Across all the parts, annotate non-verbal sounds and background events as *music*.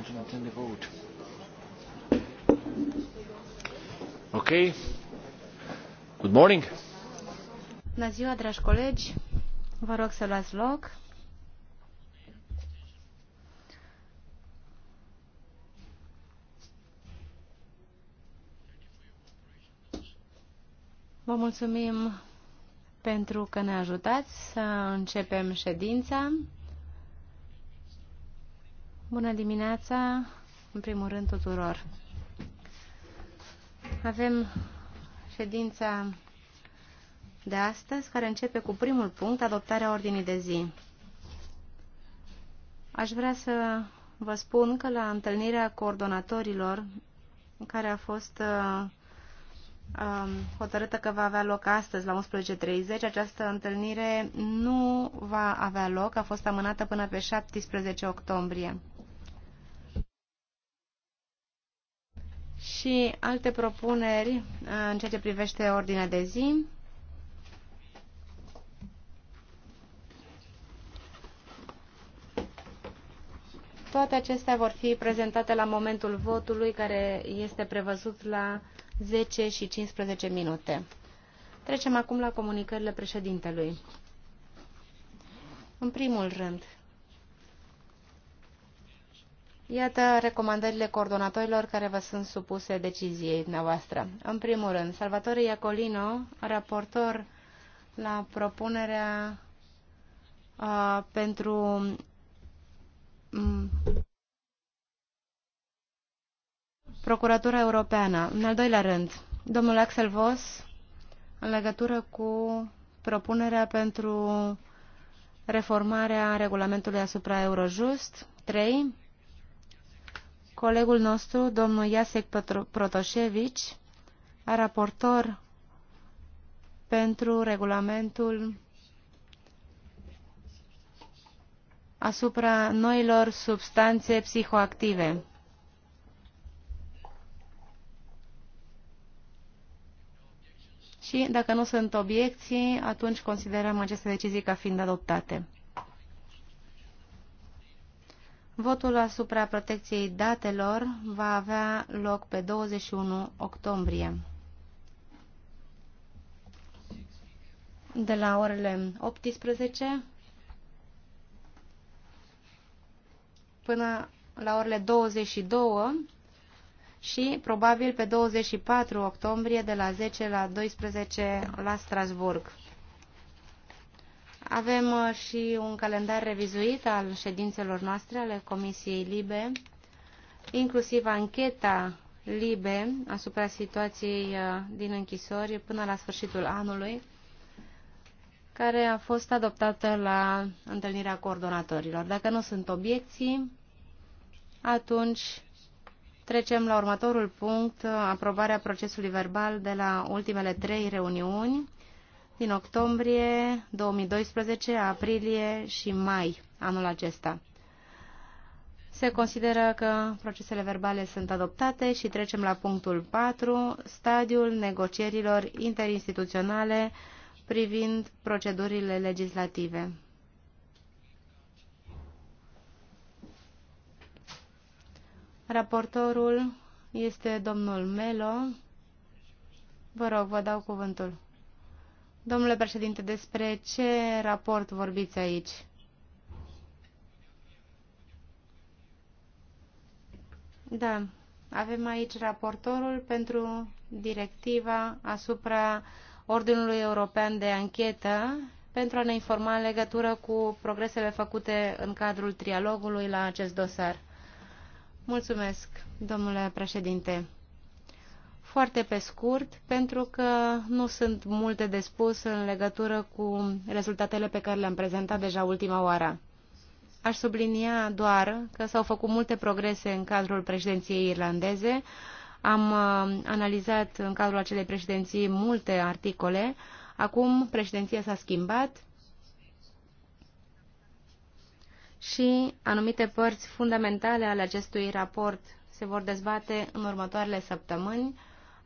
management and the vote. Okay. Good morning. Bună ziua, dragi colegi. Vă rog să luați loc. Vă mulțumim pentru că ne ajutați să începem ședința. Bună dimineața, în primul rând tuturor. Avem ședința de astăzi, care începe cu primul punct, adoptarea ordinii de zi. Aș vrea să vă spun că la întâlnirea coordonatorilor, care a fost uh, um, hotărâtă că va avea loc astăzi la 11.30. Această întâlnire nu va avea loc, a fost amânată până pe 17 octombrie. și alte propuneri uh, în ceea ce privește ordinea de zi. Toate acestea vor fi prezentate la momentul votului, care este prevăzut la 10 și 15 minute. Trecem acum la comunicările președintelui. În primul rând, Iată recomandările coordonatorilor care vă sunt supuse deciziei dumneavoastră. În primul rând, Salvatore Iacolino, raportor la propunerea uh, pentru um, Procuratura Europeană. În al doilea rând, domnul Axel Voss, în legătură cu propunerea pentru reformarea regulamentului asupra Eurojust. 3. Colegul nostru, domnul Iasek Protoșevici, raportor pentru regulamentul asupra noilor substanțe psihoactive. Și dacă nu sunt obiecții, atunci considerăm aceste decizii ca fiind adoptate. Votul asupra protecției datelor va avea loc pe 21 octombrie. De la orele 18 până la orele 22 și probabil pe 24 octombrie de la 10 la 12 la Strasburg. Avem uh, și un calendar revizuit al ședințelor noastre ale Comisiei Libe, inclusiv ancheta Libe asupra situației uh, din închisori până la sfârșitul anului, care a fost adoptată la întâlnirea coordonatorilor. Dacă nu sunt obiecții, atunci trecem la următorul punct, uh, aprobarea procesului verbal de la ultimele trei reuniuni din octombrie 2012, aprilie și mai anul acesta. Se consideră că procesele verbale sunt adoptate și trecem la punctul 4, stadiul negocierilor interinstituționale privind procedurile legislative. Raportorul este domnul Melo. Vă rog, vă dau cuvântul. Domnule președinte, despre ce raport vorbiți aici? Da, avem aici raportorul pentru directiva asupra Ordinului European de Anchetă pentru a ne informa în legătură cu progresele făcute în cadrul trialogului la acest dosar. Mulțumesc, domnule președinte foarte pe scurt, pentru că nu sunt multe de spus în legătură cu rezultatele pe care le-am prezentat deja ultima oară. Aș sublinia doar că s-au făcut multe progrese în cadrul președinției irlandeze. Am uh, analizat în cadrul acelei președinții multe articole. Acum președinția s-a schimbat și anumite părți fundamentale ale acestui raport se vor dezbate în următoarele săptămâni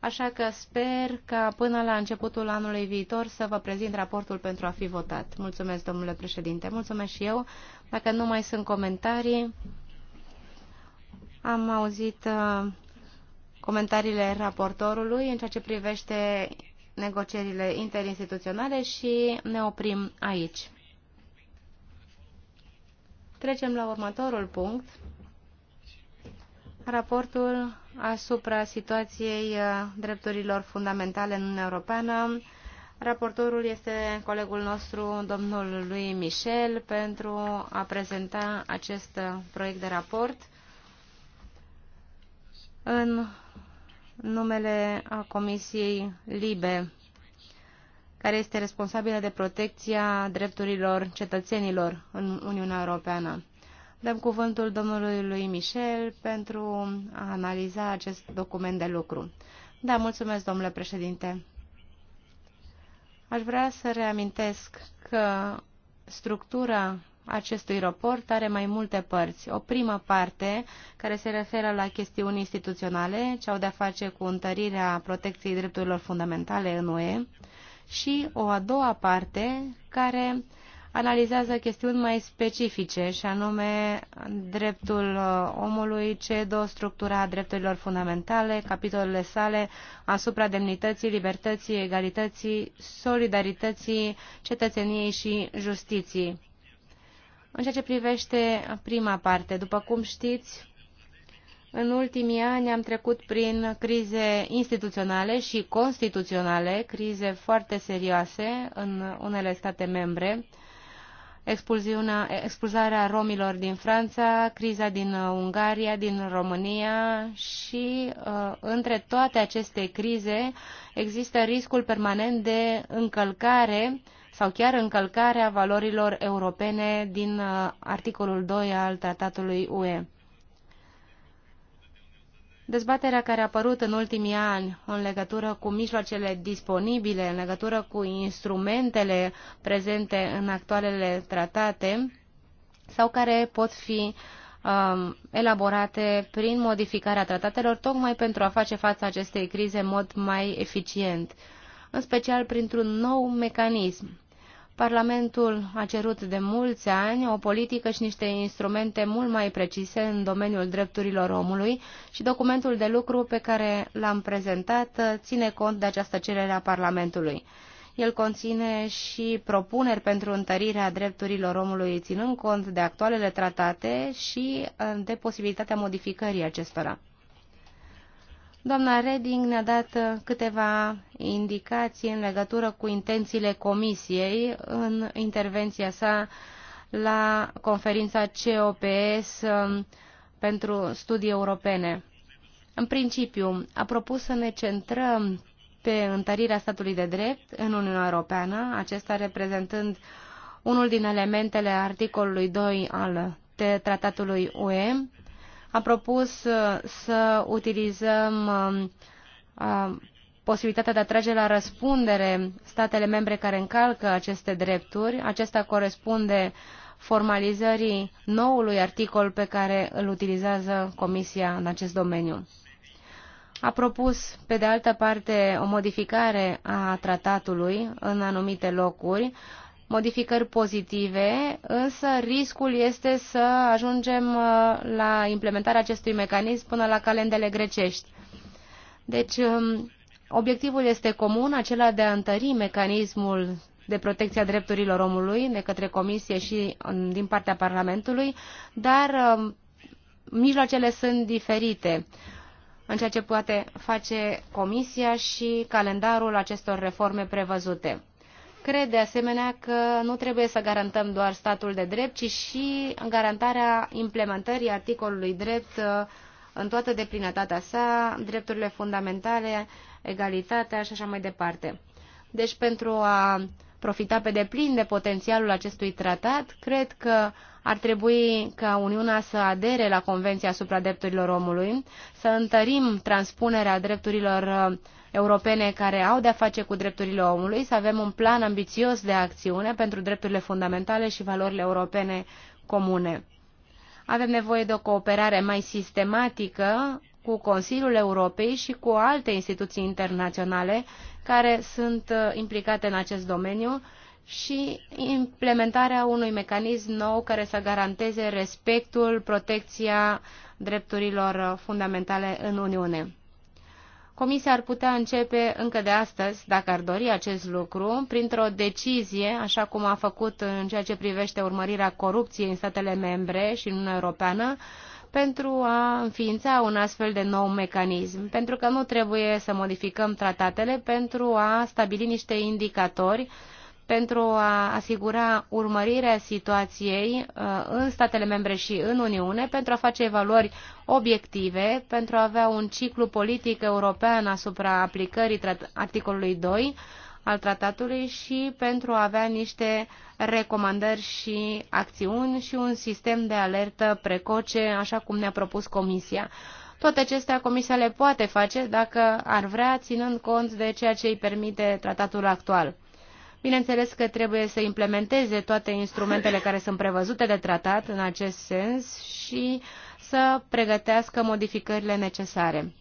așa că sper că până la începutul anului viitor să vă prezint raportul pentru a fi votat. Mulțumesc, domnule președinte. Mulțumesc și eu. Dacă nu mai sunt comentarii, am auzit uh, comentariile raportorului în ceea ce privește negocierile interinstituționale și ne oprim aici. Trecem la următorul punct raportul asupra situației uh, drepturilor fundamentale în Uniunea Europeană. Raportorul este colegul nostru, domnul lui Michel, pentru a prezenta acest uh, proiect de raport în numele a Comisiei LIBE, care este responsabilă de protecția drepturilor cetățenilor în Uniunea Europeană. Dăm cuvântul domnului lui Michel pentru a analiza acest document de lucru. Da, mulțumesc, domnule președinte. Aș vrea să reamintesc că structura acestui raport are mai multe părți. O primă parte care se referă la chestiuni instituționale, ce au de-a face cu întărirea protecției drepturilor fundamentale în UE, și o a doua parte care analizează chestiuni mai specifice, și anume dreptul uh, omului, CEDO, structura drepturilor fundamentale, capitolele sale asupra demnității, libertății, egalității, solidarității, cetățeniei și justiției. În ceea ce privește prima parte, după cum știți, în ultimii ani am trecut prin crize instituționale și constituționale, crize foarte serioase în unele state membre, expulzarea romilor din Franța, criza din uh, Ungaria, din România și uh, între toate aceste crize există riscul permanent de încălcare sau chiar încălcarea valorilor europene din uh, articolul 2 al Tratatului UE. Dezbaterea care a apărut în ultimii ani în legătură cu mijloacele disponibile, în legătură cu instrumentele prezente în actualele tratate sau care pot fi um, elaborate prin modificarea tratatelor, tocmai pentru a face față acestei crize în mod mai eficient, în special printr-un nou mecanism Parlamentul a cerut de mulți ani o politică și niște instrumente mult mai precise în domeniul drepturilor omului și documentul de lucru pe care l-am prezentat uh, ține cont de această cerere a Parlamentului. El conține și propuneri pentru întărirea drepturilor omului, ținând cont de actualele tratate și uh, de posibilitatea modificării acestora. Doamna Reding ne-a dat uh, câteva indicații în legătură cu intențiile comisiei în intervenția sa la conferința COPS um, pentru studii europene. În principiu, a propus să ne centrăm pe întărirea statului de drept în Uniunea Europeană, acesta reprezentând unul din elementele articolului 2 al tratatului UE, am propus uh, să utilizăm um, uh, posibilitatea de a trage la răspundere statele membre care încalcă aceste drepturi. Acesta corespunde formalizării noului articol pe care îl utilizează Comisia în acest domeniu. A propus, pe de altă parte, o modificare a tratatului în anumite locuri, modificări pozitive, însă riscul este să ajungem uh, la implementarea acestui mecanism până la calendele grecești. Deci, um, obiectivul este comun, acela de a întări mecanismul de protecția drepturilor omului de către Comisie și um, din partea Parlamentului, dar um, mijloacele sunt diferite în ceea ce poate face Comisia și calendarul acestor reforme prevăzute. Cred de asemenea că nu trebuie să garantăm doar statul de drept, ci și garantarea implementării articolului drept uh, în toată deplinătatea sa, drepturile fundamentale, egalitatea și așa mai departe. Deci pentru a profita pe deplin de potențialul acestui tratat, cred că ar trebui ca Uniunea să adere la Convenția asupra drepturilor omului, să întărim transpunerea drepturilor uh, europene care au de-a face cu drepturile omului, să avem un plan ambițios de acțiune pentru drepturile fundamentale și valorile europene comune. Avem nevoie de o cooperare mai sistematică cu Consiliul Europei și cu alte instituții internaționale care sunt uh, implicate în acest domeniu și implementarea unui mecanism nou care să garanteze respectul, protecția drepturilor uh, fundamentale în Uniune. Comisia ar putea începe încă de astăzi, dacă ar dori acest lucru, printr-o decizie, așa cum a făcut în ceea ce privește urmărirea corupției în statele membre și în Uniunea Europeană, pentru a înființa un astfel de nou mecanism, pentru că nu trebuie să modificăm tratatele pentru a stabili niște indicatori pentru a asigura urmărirea situației uh, în statele membre și în Uniune, pentru a face evaluări obiective, pentru a avea un ciclu politic european asupra aplicării articolului 2, al tratatului și pentru a avea niște recomandări și acțiuni și un sistem de alertă precoce, așa cum ne-a propus Comisia. Toate acestea Comisia le poate face dacă ar vrea, ținând cont de ceea ce îi permite tratatul actual. Bineînțeles că trebuie să implementeze toate instrumentele care sunt prevăzute de tratat în acest sens și să pregătească modificările necesare.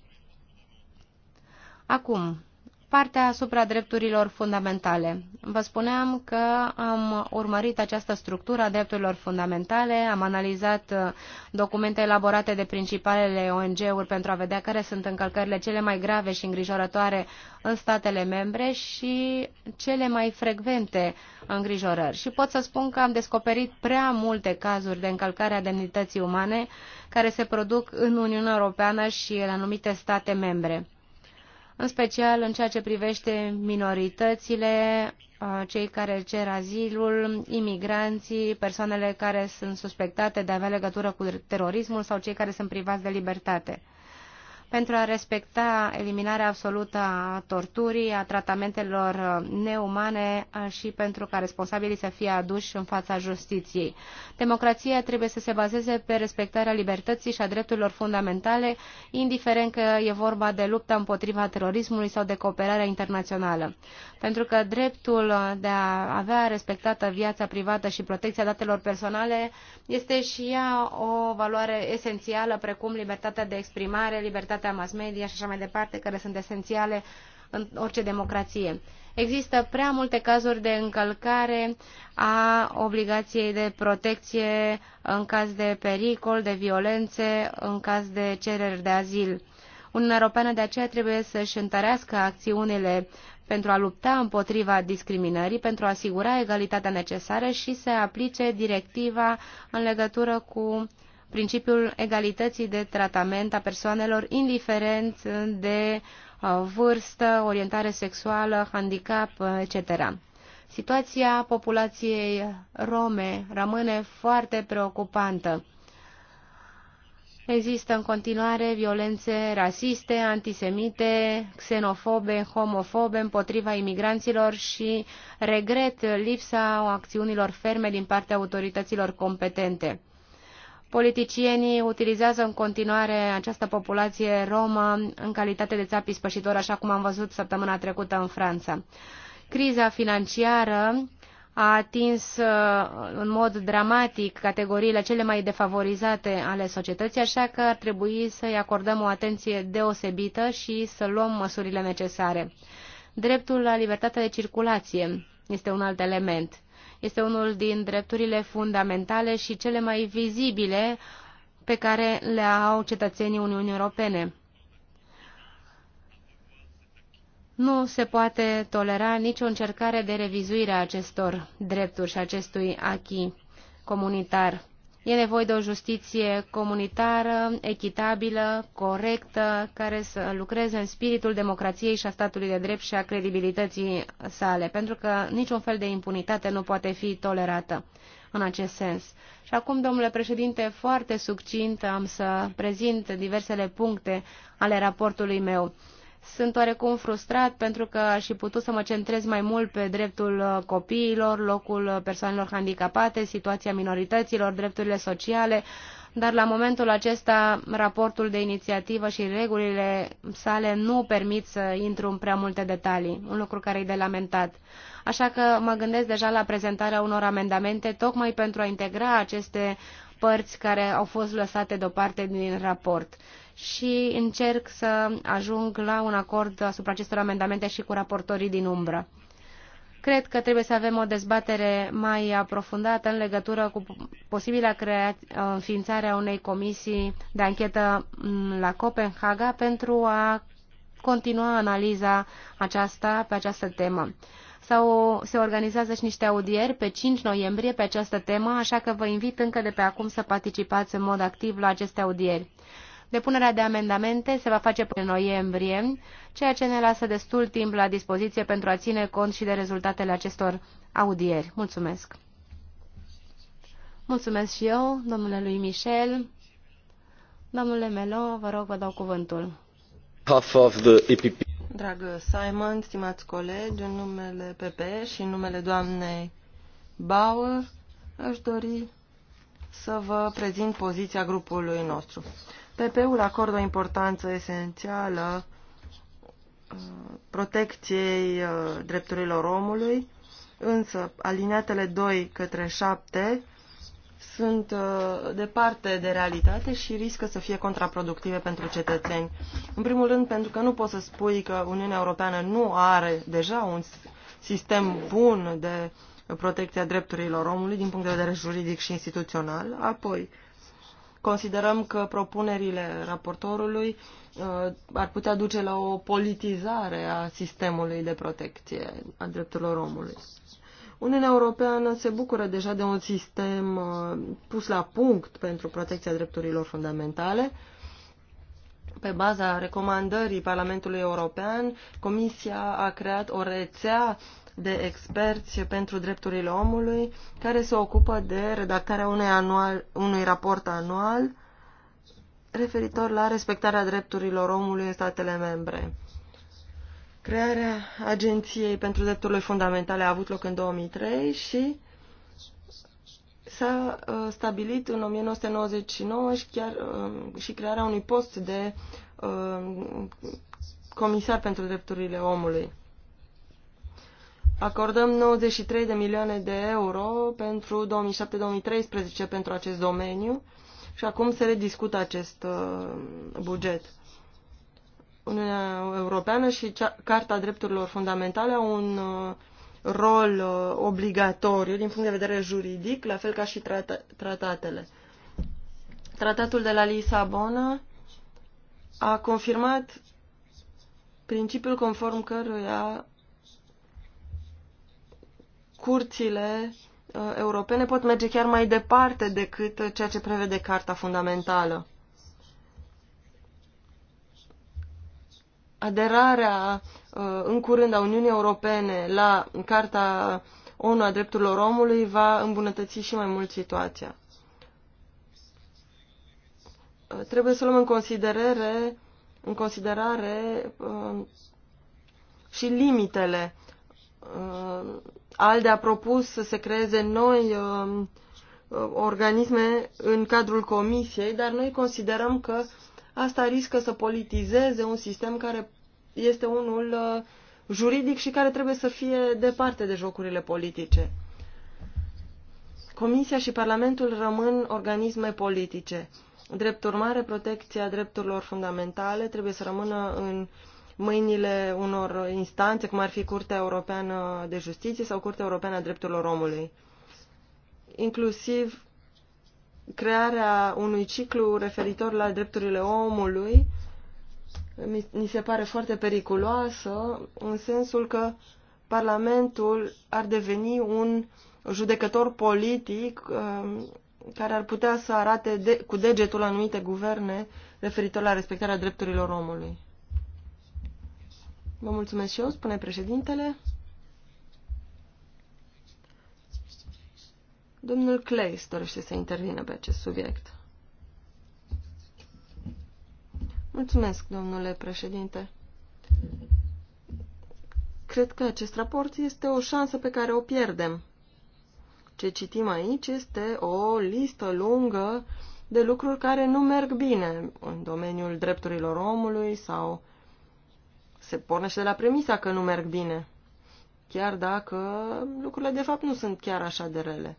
Acum, Partea asupra drepturilor fundamentale. Vă spuneam că am urmărit această structură a drepturilor fundamentale, am analizat uh, documente elaborate de principalele ONG-uri pentru a vedea care sunt încălcările cele mai grave și îngrijorătoare în statele membre și cele mai frecvente îngrijorări. Și pot să spun că am descoperit prea multe cazuri de încălcare a demnității umane care se produc în Uniunea Europeană și în anumite state membre în special în ceea ce privește minoritățile, uh, cei care cer azilul, imigranții, persoanele care sunt suspectate de a avea legătură cu terorismul sau cei care sunt privați de libertate pentru a respecta eliminarea absolută a torturii, a tratamentelor neumane și pentru ca responsabilii să fie aduși în fața justiției. Democrația trebuie să se bazeze pe respectarea libertății și a drepturilor fundamentale, indiferent că e vorba de lupta împotriva terorismului sau de cooperarea internațională. Pentru că dreptul de a avea respectată viața privată și protecția datelor personale este și ea o valoare esențială, precum libertatea de exprimare, libertatea libertatea mass media și așa mai departe, care sunt esențiale în orice democrație. Există prea multe cazuri de încălcare a obligației de protecție în caz de pericol, de violențe, în caz de cereri de azil. Uniunea Europeană de aceea trebuie să-și întărească acțiunile pentru a lupta împotriva discriminării, pentru a asigura egalitatea necesară și să aplice directiva în legătură cu principiul egalității de tratament a persoanelor, indiferent de uh, vârstă, orientare sexuală, handicap, uh, etc. Situația populației rome rămâne foarte preocupantă. Există în continuare violențe rasiste, antisemite, xenofobe, homofobe împotriva imigranților și regret lipsa acțiunilor ferme din partea autorităților competente. Politicienii utilizează în continuare această populație romă în calitate de țapi spășitori, așa cum am văzut săptămâna trecută în Franța. Criza financiară a atins uh, în mod dramatic categoriile cele mai defavorizate ale societății, așa că ar trebui să-i acordăm o atenție deosebită și să luăm măsurile necesare. Dreptul la libertatea de circulație este un alt element. Este unul din drepturile fundamentale și cele mai vizibile pe care le au cetățenii Uniunii Europene. Nu se poate tolera nicio încercare de revizuire a acestor drepturi și acestui achi comunitar. E nevoie de o justiție comunitară, echitabilă, corectă, care să lucreze în spiritul democrației și a statului de drept și a credibilității sale, pentru că niciun fel de impunitate nu poate fi tolerată în acest sens. Și acum, domnule președinte, foarte succint am să prezint diversele puncte ale raportului meu. Sunt oarecum frustrat pentru că aș fi putut să mă centrez mai mult pe dreptul uh, copiilor, locul uh, persoanelor handicapate, situația minorităților, drepturile sociale, dar la momentul acesta raportul de inițiativă și regulile sale nu permit să intru în prea multe detalii, un lucru care e de lamentat. Așa că mă gândesc deja la prezentarea unor amendamente tocmai pentru a integra aceste părți care au fost lăsate deoparte din raport și încerc să ajung la un acord asupra acestor amendamente și cu raportorii din umbră. Cred că trebuie să avem o dezbatere mai aprofundată în legătură cu posibilă înființarea unei comisii de anchetă la Copenhaga pentru a continua analiza aceasta pe această temă. Sau se organizează și niște audieri pe 5 noiembrie pe această temă, așa că vă invit încă de pe acum să participați în mod activ la aceste audieri. Depunerea de amendamente se va face până în noiembrie, ceea ce ne lasă destul timp la dispoziție pentru a ține cont și de rezultatele acestor audieri. Mulțumesc! Mulțumesc și eu, domnule lui Michel. Domnule Melo, vă rog, vă dau cuvântul. Half of the Dragă Simon, stimați colegi, în numele PP și în numele doamnei Bauer, aș dori să vă prezint poziția grupului nostru. PP-ul acordă o importanță esențială uh, protecției uh, drepturilor omului, însă alineatele 2 către 7 sunt uh, departe de realitate și riscă să fie contraproductive pentru cetățeni. În primul rând, pentru că nu poți să spui că Uniunea Europeană nu are deja un sistem bun de protecție a drepturilor omului din punct de vedere juridic și instituțional. Apoi, Considerăm că propunerile raportorului uh, ar putea duce la o politizare a sistemului de protecție a drepturilor omului. Uniunea Europeană se bucură deja de un sistem uh, pus la punct pentru protecția drepturilor fundamentale. Pe baza recomandării Parlamentului European, Comisia a creat o rețea de experți pentru drepturile omului care se ocupă de redactarea unui, anual, unui raport anual referitor la respectarea drepturilor omului în statele membre. Crearea Agenției pentru Drepturile Fundamentale a avut loc în 2003 și s-a uh, stabilit în 1999 și, chiar, um, și crearea unui post de um, comisar pentru drepturile omului. Acordăm 93 de milioane de euro pentru 2007-2013 pentru acest domeniu și acum se rediscută acest uh, buget. Uniunea Europeană și Carta Drepturilor Fundamentale au un uh, rol uh, obligatoriu din punct de vedere juridic, la fel ca și tratatele. Tratatul de la Lisabona a confirmat principiul conform căruia curțile uh, europene pot merge chiar mai departe decât uh, ceea ce prevede Carta Fundamentală. Aderarea uh, în curând a Uniunii Europene la Carta ONU a drepturilor omului va îmbunătăți și mai mult situația. Trebuie să luăm în considerare, în considerare și limitele ALDE a propus să se creeze noi um, organisme în cadrul comisiei, dar noi considerăm că asta riscă să politizeze un sistem care este unul uh, juridic și care trebuie să fie departe de jocurile politice. Comisia și Parlamentul rămân organisme politice. Drept urmare, protecția drepturilor fundamentale trebuie să rămână în uh, mâinile unor instanțe, cum ar fi Curtea Europeană de Justiție sau Curtea Europeană a Drepturilor Omului. Inclusiv crearea unui ciclu referitor la drepturile omului mi, se pare foarte periculoasă, în sensul că Parlamentul ar deveni un judecător politic um, care ar putea să arate de, cu degetul anumite guverne referitor la respectarea drepturilor omului. Vă mulțumesc și eu, spune președintele. Domnul Clays dorește să intervină pe acest subiect. Mulțumesc, domnule președinte. Cred că acest raport este o șansă pe care o pierdem. Ce citim aici este o listă lungă de lucruri care nu merg bine în domeniul drepturilor omului sau se pornește de la premisa că nu merg bine, chiar dacă lucrurile de fapt nu sunt chiar așa de rele.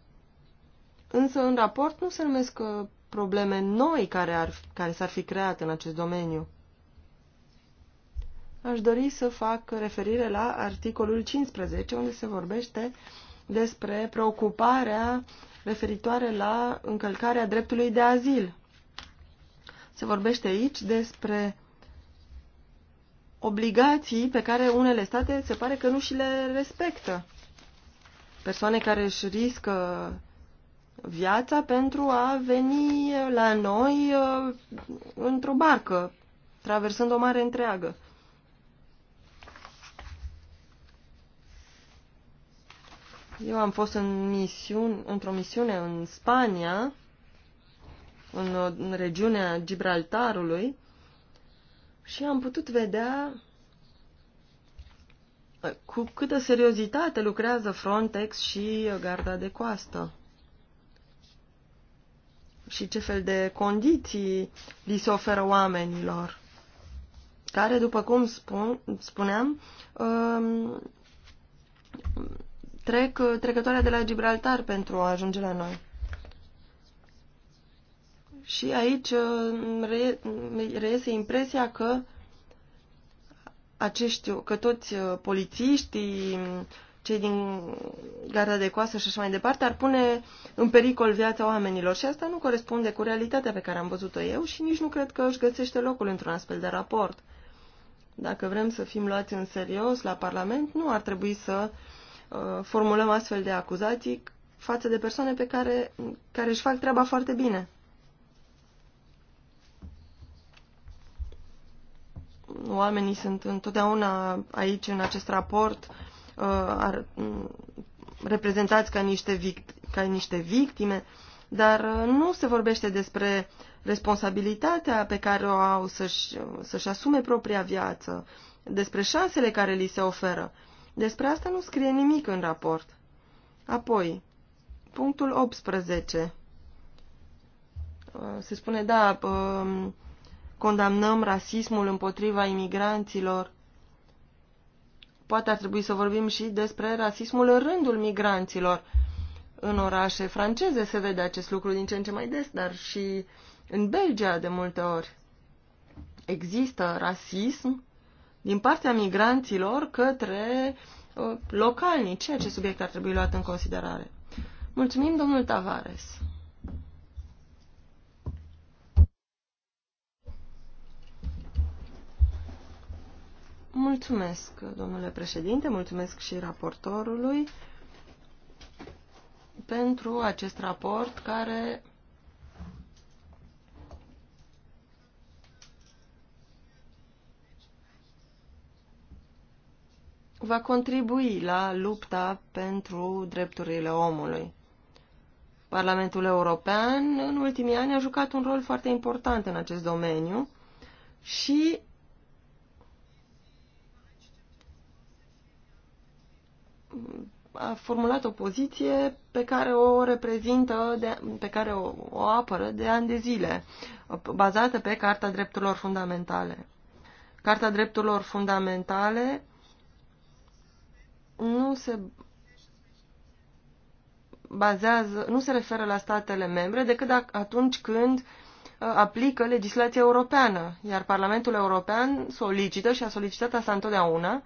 Însă în raport nu se numesc uh, probleme noi care, ar, care s-ar fi creat în acest domeniu. Aș dori să fac referire la articolul 15, unde se vorbește despre preocuparea referitoare la încălcarea dreptului de azil. Se vorbește aici despre obligații pe care unele state se pare că nu și le respectă. Persoane care își riscă viața pentru a veni la noi uh, într-o barcă, traversând o mare întreagă. Eu am fost în misiune, într-o misiune în Spania, în, în regiunea Gibraltarului, și am putut vedea uh, cu câtă seriozitate lucrează Frontex și uh, Garda de Coastă. Și ce fel de condiții li se oferă oamenilor. Care, după cum spun, spuneam, um, trec uh, trecătoarea de la Gibraltar pentru a ajunge la noi. Și aici uh, reiese impresia că acești, că toți uh, polițiștii, cei din garda de coasă și așa mai departe, ar pune în pericol viața oamenilor. Și asta nu corespunde cu realitatea pe care am văzut-o eu și nici nu cred că își găsește locul într-un astfel de raport. Dacă vrem să fim luați în serios la Parlament, nu ar trebui să uh, formulăm astfel de acuzații față de persoane pe care, care își fac treaba foarte bine. oamenii sunt întotdeauna aici în acest raport uh, ar, mm, reprezentați ca niște, vict, ca niște victime, dar uh, nu se vorbește despre responsabilitatea pe care o au să-și, să-și asume propria viață, despre șansele care li se oferă. Despre asta nu scrie nimic în raport. Apoi, punctul 18. Uh, se spune, da, um, condamnăm rasismul împotriva imigranților. Poate ar trebui să vorbim și despre rasismul în rândul migranților. În orașe franceze se vede acest lucru din ce în ce mai des, dar și în Belgia de multe ori. Există rasism din partea migranților către uh, localnici, ceea ce subiect ar trebui luat în considerare. Mulțumim, domnul Tavares. Mulțumesc, domnule președinte, mulțumesc și raportorului pentru acest raport care va contribui la lupta pentru drepturile omului. Parlamentul European în ultimii ani a jucat un rol foarte important în acest domeniu și a formulat o poziție pe care o reprezintă, de, pe care o, o apără de ani de zile, bazată pe Carta Drepturilor Fundamentale. Carta Drepturilor Fundamentale nu se bazează, nu se referă la statele membre decât atunci când uh, aplică legislația europeană, iar Parlamentul European solicită și a solicitat asta întotdeauna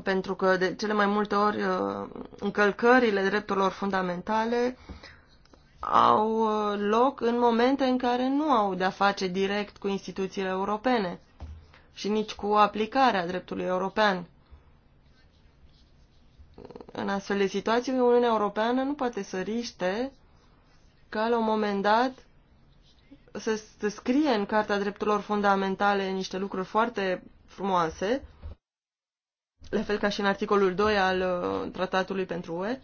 pentru că de cele mai multe ori uh, încălcările drepturilor fundamentale au uh, loc în momente în care nu au de-a face direct cu instituțiile europene și nici cu aplicarea dreptului european. În astfel de situații, Uniunea Europeană nu poate să riște ca la un moment dat să, să scrie în Carta Drepturilor Fundamentale niște lucruri foarte frumoase, la fel ca și în articolul 2 al uh, tratatului pentru UE,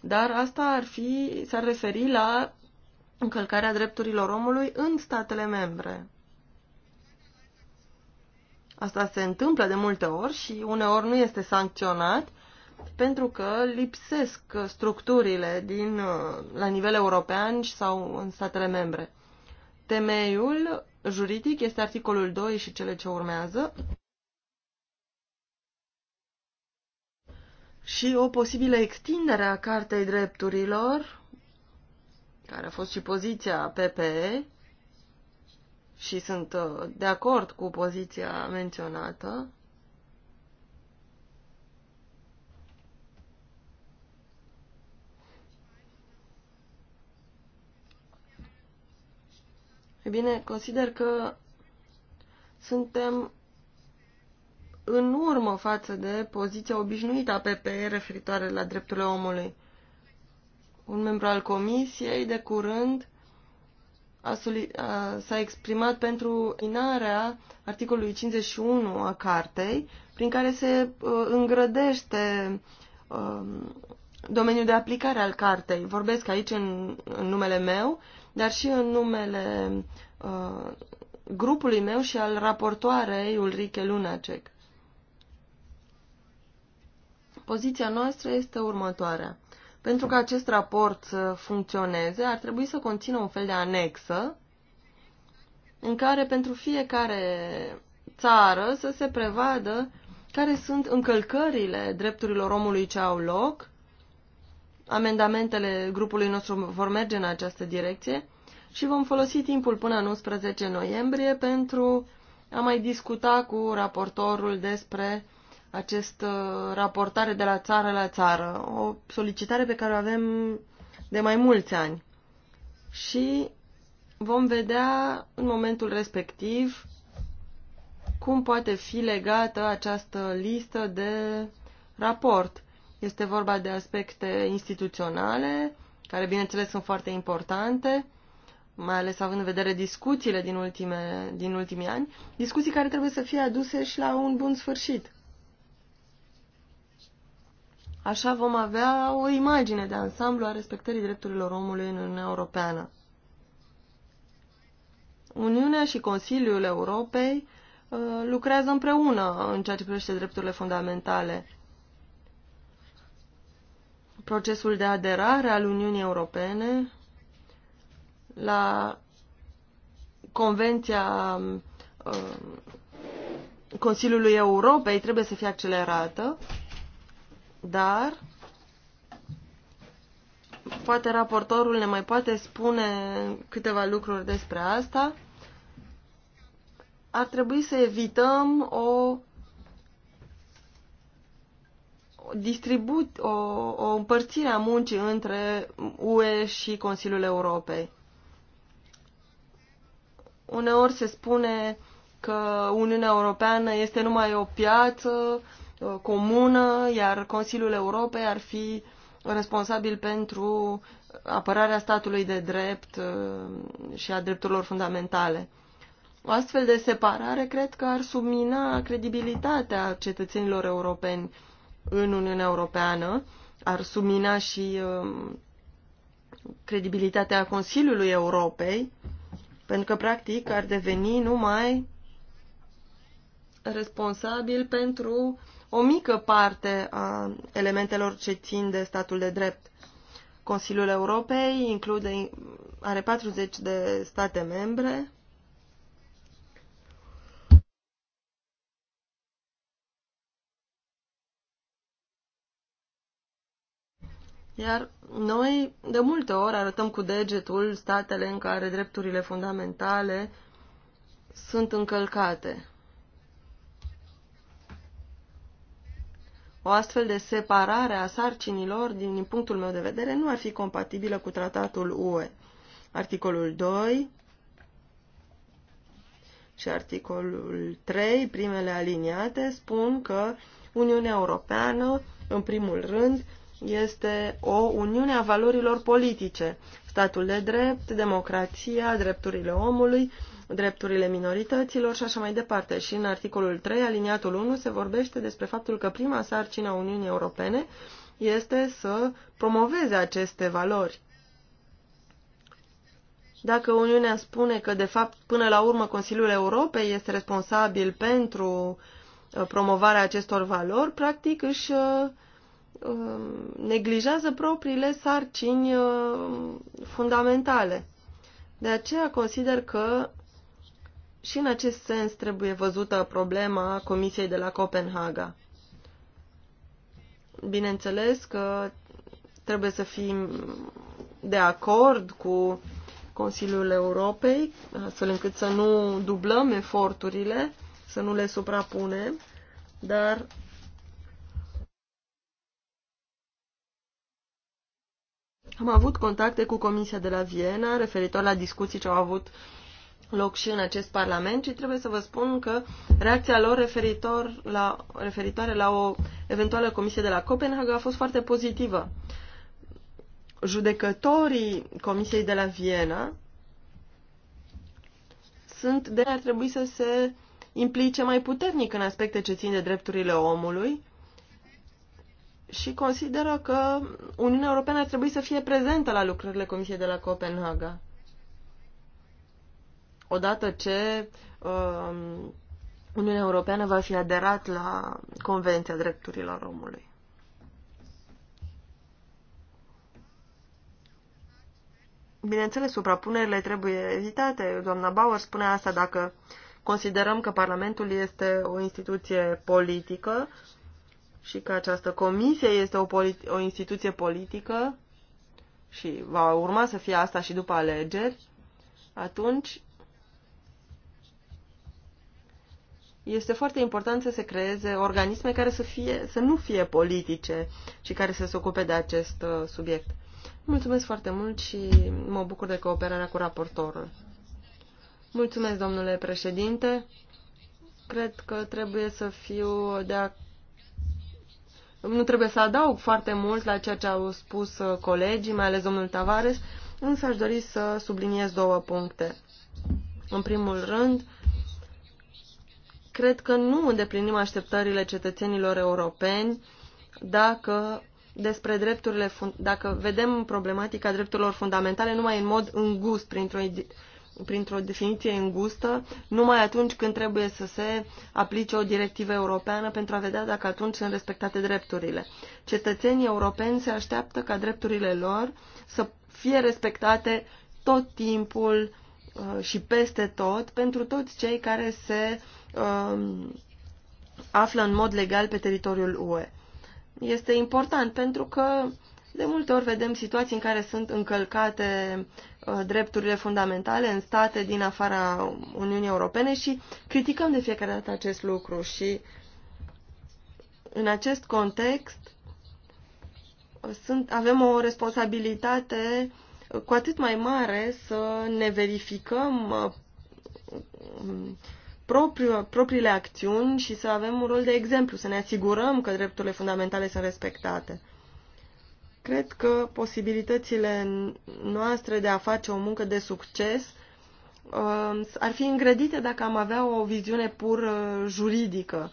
dar asta ar fi, s-ar referi la încălcarea drepturilor omului în statele membre. Asta se întâmplă de multe ori și uneori nu este sancționat pentru că lipsesc structurile din, uh, la nivel european sau în statele membre. Temeiul juridic este articolul 2 și cele ce urmează, și o posibilă extindere a Cartei Drepturilor, care a fost și poziția PPE, și sunt uh, de acord cu poziția menționată, E bine, consider că suntem în urmă față de poziția obișnuită a PPE referitoare la drepturile omului. Un membru al comisiei de curând s-a exprimat pentru inarea articolului 51 a cartei, prin care se uh, îngrădește uh, domeniul de aplicare al cartei. Vorbesc aici în, în numele meu, dar și în numele uh, grupului meu și al raportoarei Ulrike Lunacek. Poziția noastră este următoarea. Pentru că acest raport să funcționeze, ar trebui să conțină un fel de anexă în care pentru fiecare țară să se prevadă care sunt încălcările drepturilor omului ce au loc. Amendamentele grupului nostru vor merge în această direcție și vom folosi timpul până în 11 noiembrie pentru a mai discuta cu raportorul despre acest uh, raportare de la țară la țară, o solicitare pe care o avem de mai mulți ani. Și vom vedea în momentul respectiv cum poate fi legată această listă de raport. Este vorba de aspecte instituționale, care bineînțeles sunt foarte importante, mai ales având în vedere discuțiile din, ultime, din ultimii ani, discuții care trebuie să fie aduse și la un bun sfârșit. Așa vom avea o imagine de ansamblu a respectării drepturilor omului în Uniunea Europeană. Uniunea și Consiliul Europei uh, lucrează împreună în ceea ce privește drepturile fundamentale. Procesul de aderare al Uniunii Europene la Convenția uh, Consiliului Europei trebuie să fie accelerată dar poate raportorul ne mai poate spune câteva lucruri despre asta. Ar trebui să evităm o distribut, o, o împărțire a muncii între UE și Consiliul Europei. Uneori se spune că Uniunea Europeană este numai o piață, Uh, comună, iar Consiliul Europei ar fi responsabil pentru apărarea statului de drept uh, și a drepturilor fundamentale. O astfel de separare cred că ar submina credibilitatea cetățenilor europeni în Uniunea Europeană, ar submina și um, credibilitatea Consiliului Europei, pentru că practic ar deveni numai responsabil pentru o mică parte a elementelor ce țin de statul de drept. Consiliul Europei include, are 40 de state membre. Iar noi, de multe ori, arătăm cu degetul statele în care drepturile fundamentale sunt încălcate. O astfel de separare a sarcinilor, din punctul meu de vedere, nu ar fi compatibilă cu tratatul UE. Articolul 2 și articolul 3, primele aliniate, spun că Uniunea Europeană, în primul rând, este o uniune a valorilor politice, statul de drept, democrația, drepturile omului, drepturile minorităților și așa mai departe. Și în articolul 3, aliniatul 1, se vorbește despre faptul că prima sarcină a Uniunii Europene este să promoveze aceste valori. Dacă Uniunea spune că, de fapt, până la urmă Consiliul Europei este responsabil pentru uh, promovarea acestor valori, practic își uh, um, neglijează propriile sarcini uh, fundamentale. De aceea consider că și în acest sens trebuie văzută problema Comisiei de la Copenhaga. Bineînțeles că trebuie să fim de acord cu Consiliul Europei, astfel încât să nu dublăm eforturile, să nu le suprapunem, dar am avut contacte cu Comisia de la Viena referitor la discuții ce au avut uh, loc și în acest Parlament, ci trebuie să vă spun că reacția lor referitor la, referitoare la o eventuală comisie de la Copenhaga a fost foarte pozitivă. Judecătorii Comisiei de la Viena sunt de ar trebui să se implice mai puternic în aspecte ce țin de drepturile omului și consideră că Uniunea Europeană ar trebui să fie prezentă la lucrările Comisiei de la Copenhaga odată ce um, Uniunea Europeană va fi aderat la Convenția Drepturilor Omului. Bineînțeles, suprapunerile trebuie evitate. Doamna Bauer spune asta dacă considerăm că Parlamentul este o instituție politică și că această comisie este o, o instituție politică și va urma să fie asta și după alegeri, atunci este foarte important să se creeze organisme care să, fie, să nu fie politice și care să se ocupe de acest uh, subiect. Mulțumesc foarte mult și mă bucur de cooperarea cu raportorul. Mulțumesc, domnule președinte. Cred că trebuie să fiu de a... Nu trebuie să adaug foarte mult la ceea ce au spus uh, colegii, mai ales domnul Tavares, însă aș dori să subliniez două puncte. În primul rând, cred că nu îndeplinim așteptările cetățenilor europeni dacă despre drepturile, dacă vedem problematica drepturilor fundamentale numai în mod îngust, printr-o printr-o definiție îngustă, numai atunci când trebuie să se aplice o directivă europeană pentru a vedea dacă atunci sunt respectate drepturile. Cetățenii europeni se așteaptă ca drepturile lor să fie respectate tot timpul Uh, și peste tot pentru toți cei care se um, află în mod legal pe teritoriul UE. Este important pentru că de multe ori vedem situații în care sunt încălcate uh, drepturile fundamentale în state din afara Uniunii Europene și criticăm de fiecare dată acest lucru și în acest context uh, sunt, avem o responsabilitate cu atât mai mare să ne verificăm uh, propriile acțiuni și să avem un rol de exemplu, să ne asigurăm că drepturile fundamentale sunt respectate. Cred că posibilitățile noastre de a face o muncă de succes uh, ar fi îngrădite dacă am avea o viziune pur uh, juridică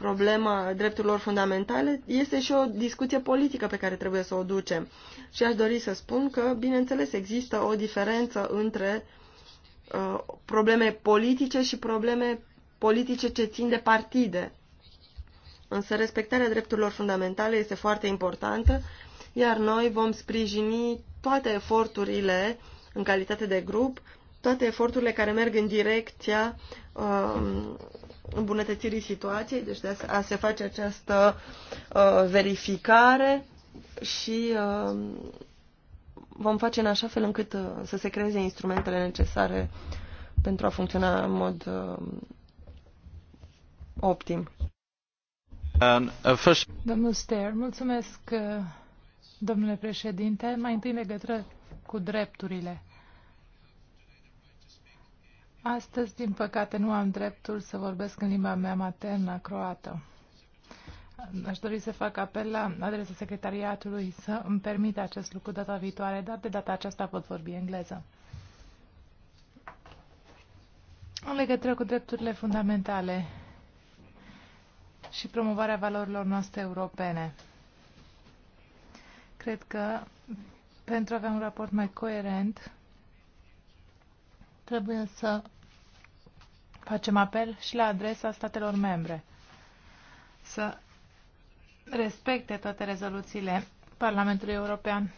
problema drepturilor fundamentale, este și o discuție politică pe care trebuie să o ducem. Și aș dori să spun că, bineînțeles, există o diferență între uh, probleme politice și probleme politice ce țin de partide. Însă respectarea drepturilor fundamentale este foarte importantă, iar noi vom sprijini toate eforturile în calitate de grup, toate eforturile care merg în direcția uh, îmbunătățirii situației, deci de a se face această uh, verificare și uh, vom face în așa fel încât uh, să se creeze instrumentele necesare pentru a funcționa în mod uh, optim. Um, uh, first... Domnul Ster, mulțumesc, uh, domnule președinte. Mai întâi legătură cu drepturile. Astăzi, din păcate, nu am dreptul să vorbesc în limba mea maternă, croată. Aș dori să fac apel la adresa secretariatului să îmi permite acest lucru data viitoare, dar de data aceasta pot vorbi engleză. În legătură cu drepturile fundamentale și promovarea valorilor noastre europene, cred că pentru a avea un raport mai coerent, Trebuie să facem apel și la adresa statelor membre să respecte toate rezoluțiile Parlamentului European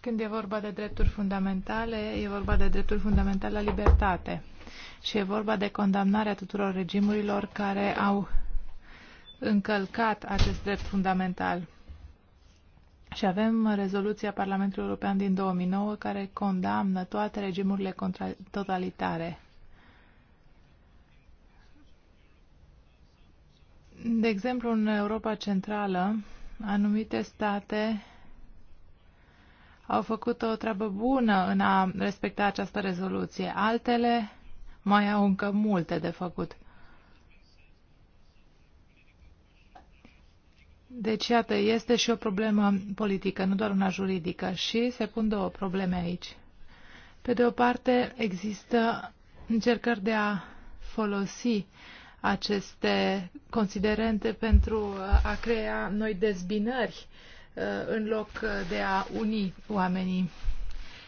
când e vorba de drepturi fundamentale, e vorba de drepturi fundamentale la libertate și e vorba de condamnarea tuturor regimurilor care au încălcat acest drept fundamental. Și avem rezoluția Parlamentului European din 2009 care condamnă toate regimurile totalitare. De exemplu, în Europa Centrală, anumite state au făcut o treabă bună în a respecta această rezoluție. Altele mai au încă multe de făcut. Deci, iată, este și o problemă politică, nu doar una juridică. Și se pun două probleme aici. Pe de o parte, există încercări de a folosi aceste considerente pentru uh, a crea noi dezbinări uh, în loc de a uni oamenii.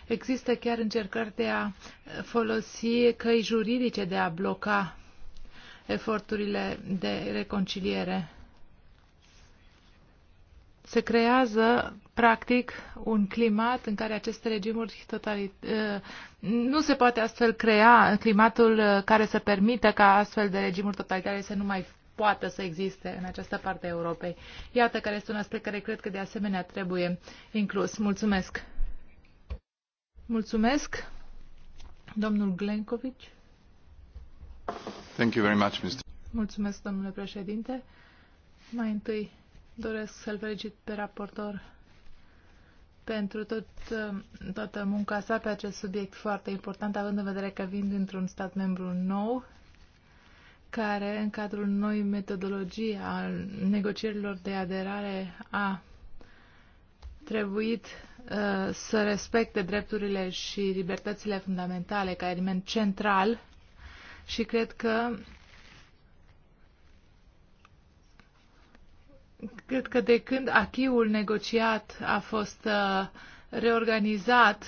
Există chiar încercări de a folosi căi juridice de a bloca eforturile de reconciliere se creează, practic, un climat în care aceste regimuri totalit... Uh, nu se poate astfel crea climatul uh, care să permită ca astfel de regimuri totalitare să nu mai poată să existe în această parte a Europei. Iată care este un aspect care cred că de asemenea trebuie inclus. Mulțumesc! Mulțumesc! Domnul Glenkovic. Thank you very much, Mr. Mulțumesc, domnule președinte. Mai întâi Doresc să-l felicit pe raportor pentru tot, toată munca sa pe acest subiect foarte important, având în vedere că vin dintr-un stat membru nou, care, în cadrul noi metodologii a negocierilor de aderare, a trebuit uh, să respecte drepturile și libertățile fundamentale ca element central și cred că Cred că de când achiul negociat a fost uh, reorganizat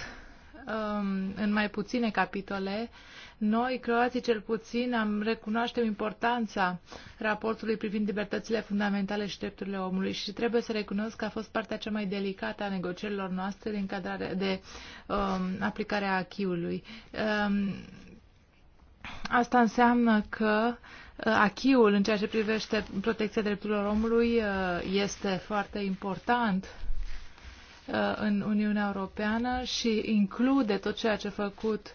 um, în mai puține capitole, noi, croații cel puțin, am recunoaștem importanța raportului privind libertățile fundamentale și drepturile omului și trebuie să recunosc că a fost partea cea mai delicată a negocierilor noastre de, încadrare, de um, aplicarea achiului. Um, asta înseamnă că Uh, achiul în ceea ce privește protecția drepturilor omului uh, este foarte important uh, în Uniunea Europeană și include tot ceea ce a făcut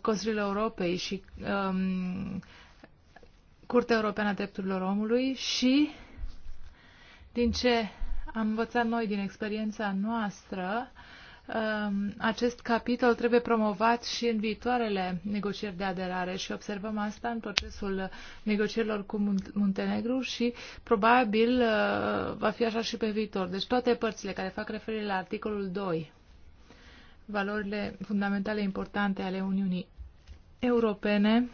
Consiliul Europei și um, Curtea Europeană a Drepturilor Omului și din ce am învățat noi din experiența noastră uh, Um, acest capitol trebuie promovat și în viitoarele negocieri de aderare și observăm asta în procesul negocierilor cu Muntenegru și probabil uh, va fi așa și pe viitor. Deci toate părțile care fac referire la articolul 2, valorile fundamentale importante ale Uniunii Europene,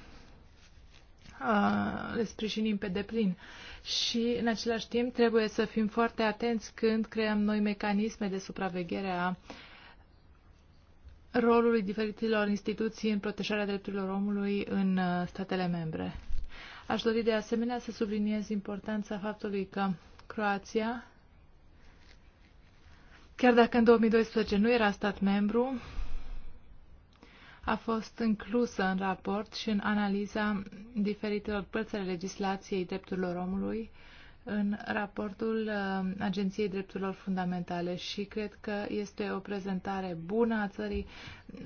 uh, le sprijinim pe deplin. Și, în același timp, trebuie să fim foarte atenți când creăm noi mecanisme de supraveghere a uh, rolului diferitelor instituții în protejarea drepturilor omului în uh, statele membre. Aș dori de asemenea să subliniez importanța faptului că Croația, chiar dacă în 2012 nu era stat membru, a fost inclusă în raport și în analiza diferitelor părți ale legislației drepturilor omului, uh, în raportul uh, Agenției Drepturilor Fundamentale și cred că este o prezentare bună a țării,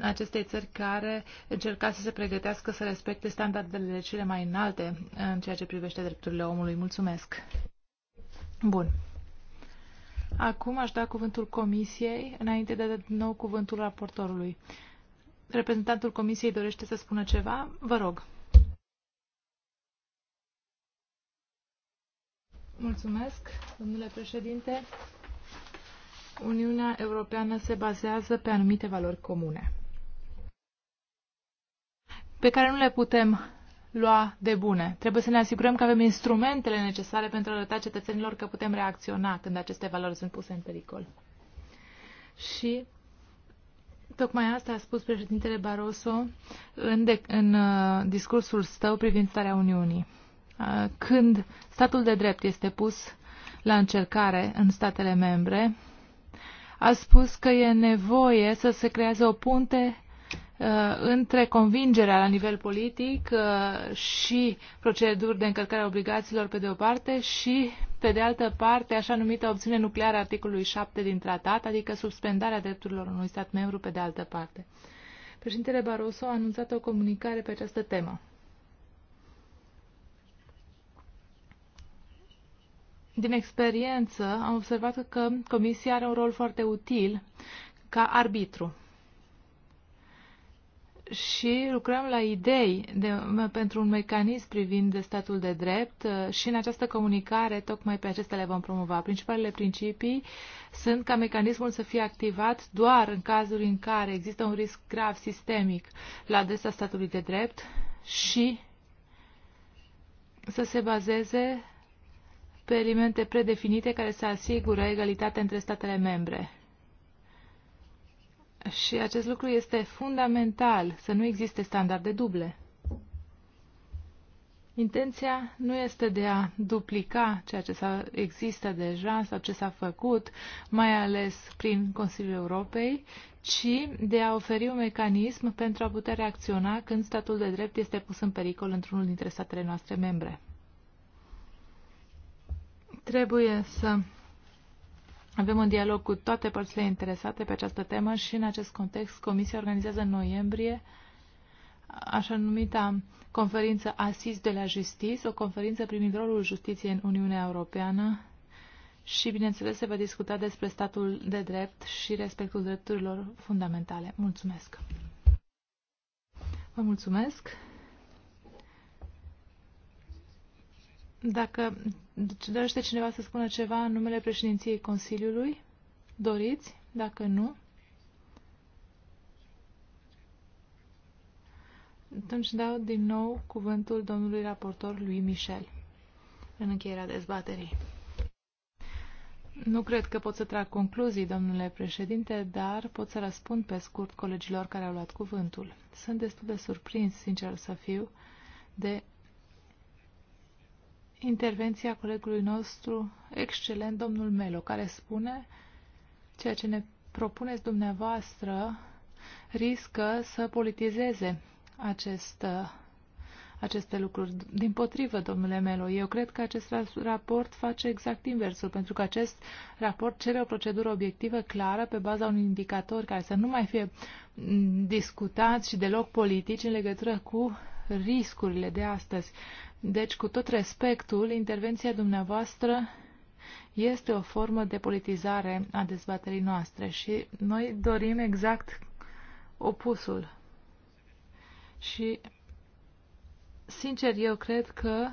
acestei țări care încerca să se pregătească să respecte standardele cele mai înalte în ceea ce privește drepturile omului. Mulțumesc! Bun. Acum aș da cuvântul Comisiei, înainte de a da din nou cuvântul raportorului. Reprezentantul Comisiei dorește să spună ceva? Vă rog. Mulțumesc, domnule președinte. Uniunea Europeană se bazează pe anumite valori comune pe care nu le putem lua de bune. Trebuie să ne asigurăm că avem instrumentele necesare pentru a arăta cetățenilor că putem reacționa când aceste valori sunt puse în pericol. Și tocmai asta a spus președintele Barroso în, de, în uh, discursul său privind starea Uniunii. Uh, când statul de drept este pus la încercare în statele membre, a spus că e nevoie să se creeze o punte uh, între convingerea la nivel politic uh, și proceduri de încălcare a obligațiilor pe de o parte și pe de altă parte așa numită opțiune nucleară articolului 7 din tratat, adică suspendarea drepturilor unui stat membru pe de altă parte. Președintele Barroso a anunțat o comunicare pe această temă. Din experiență am observat că Comisia are un rol foarte util ca arbitru și lucrăm la idei de, pentru un mecanism privind de statul de drept uh, și în această comunicare tocmai pe acestea le vom promova. Principalele principii sunt ca mecanismul să fie activat doar în cazuri în care există un risc grav sistemic la adresa statului de drept și să se bazeze experimente predefinite care să asigură egalitatea între statele membre. Și acest lucru este fundamental, să nu existe standarde duble. Intenția nu este de a duplica ceea ce există deja sau ce s-a făcut, mai ales prin Consiliul Europei, ci de a oferi un mecanism pentru a putea reacționa când statul de drept este pus în pericol într-unul dintre statele noastre membre. Trebuie să avem un dialog cu toate părțile interesate pe această temă și în acest context Comisia organizează în noiembrie așa numita conferință Asis de la Justiție, o conferință privind rolul justiției în Uniunea Europeană și, bineînțeles, se va discuta despre statul de drept și respectul drepturilor fundamentale. Mulțumesc! Vă mulțumesc! Dacă dorește cineva să spună ceva în numele președinției Consiliului, doriți? Dacă nu, atunci dau din nou cuvântul domnului raportor lui Michel în încheierea dezbaterii. Nu cred că pot să trag concluzii, domnule președinte, dar pot să răspund pe scurt colegilor care au luat cuvântul. Sunt destul de surprins, sincer să fiu, de intervenția colegului nostru excelent, domnul Melo, care spune ceea ce ne propuneți dumneavoastră riscă să politizeze acest, aceste lucruri. Din potrivă, domnule Melo, eu cred că acest raport face exact inversul, pentru că acest raport cere o procedură obiectivă clară pe baza unui indicator care să nu mai fie discutat și deloc politici în legătură cu riscurile de astăzi. Deci, cu tot respectul, intervenția dumneavoastră este o formă de politizare a dezbaterii noastre și noi dorim exact opusul. Și, sincer, eu cred că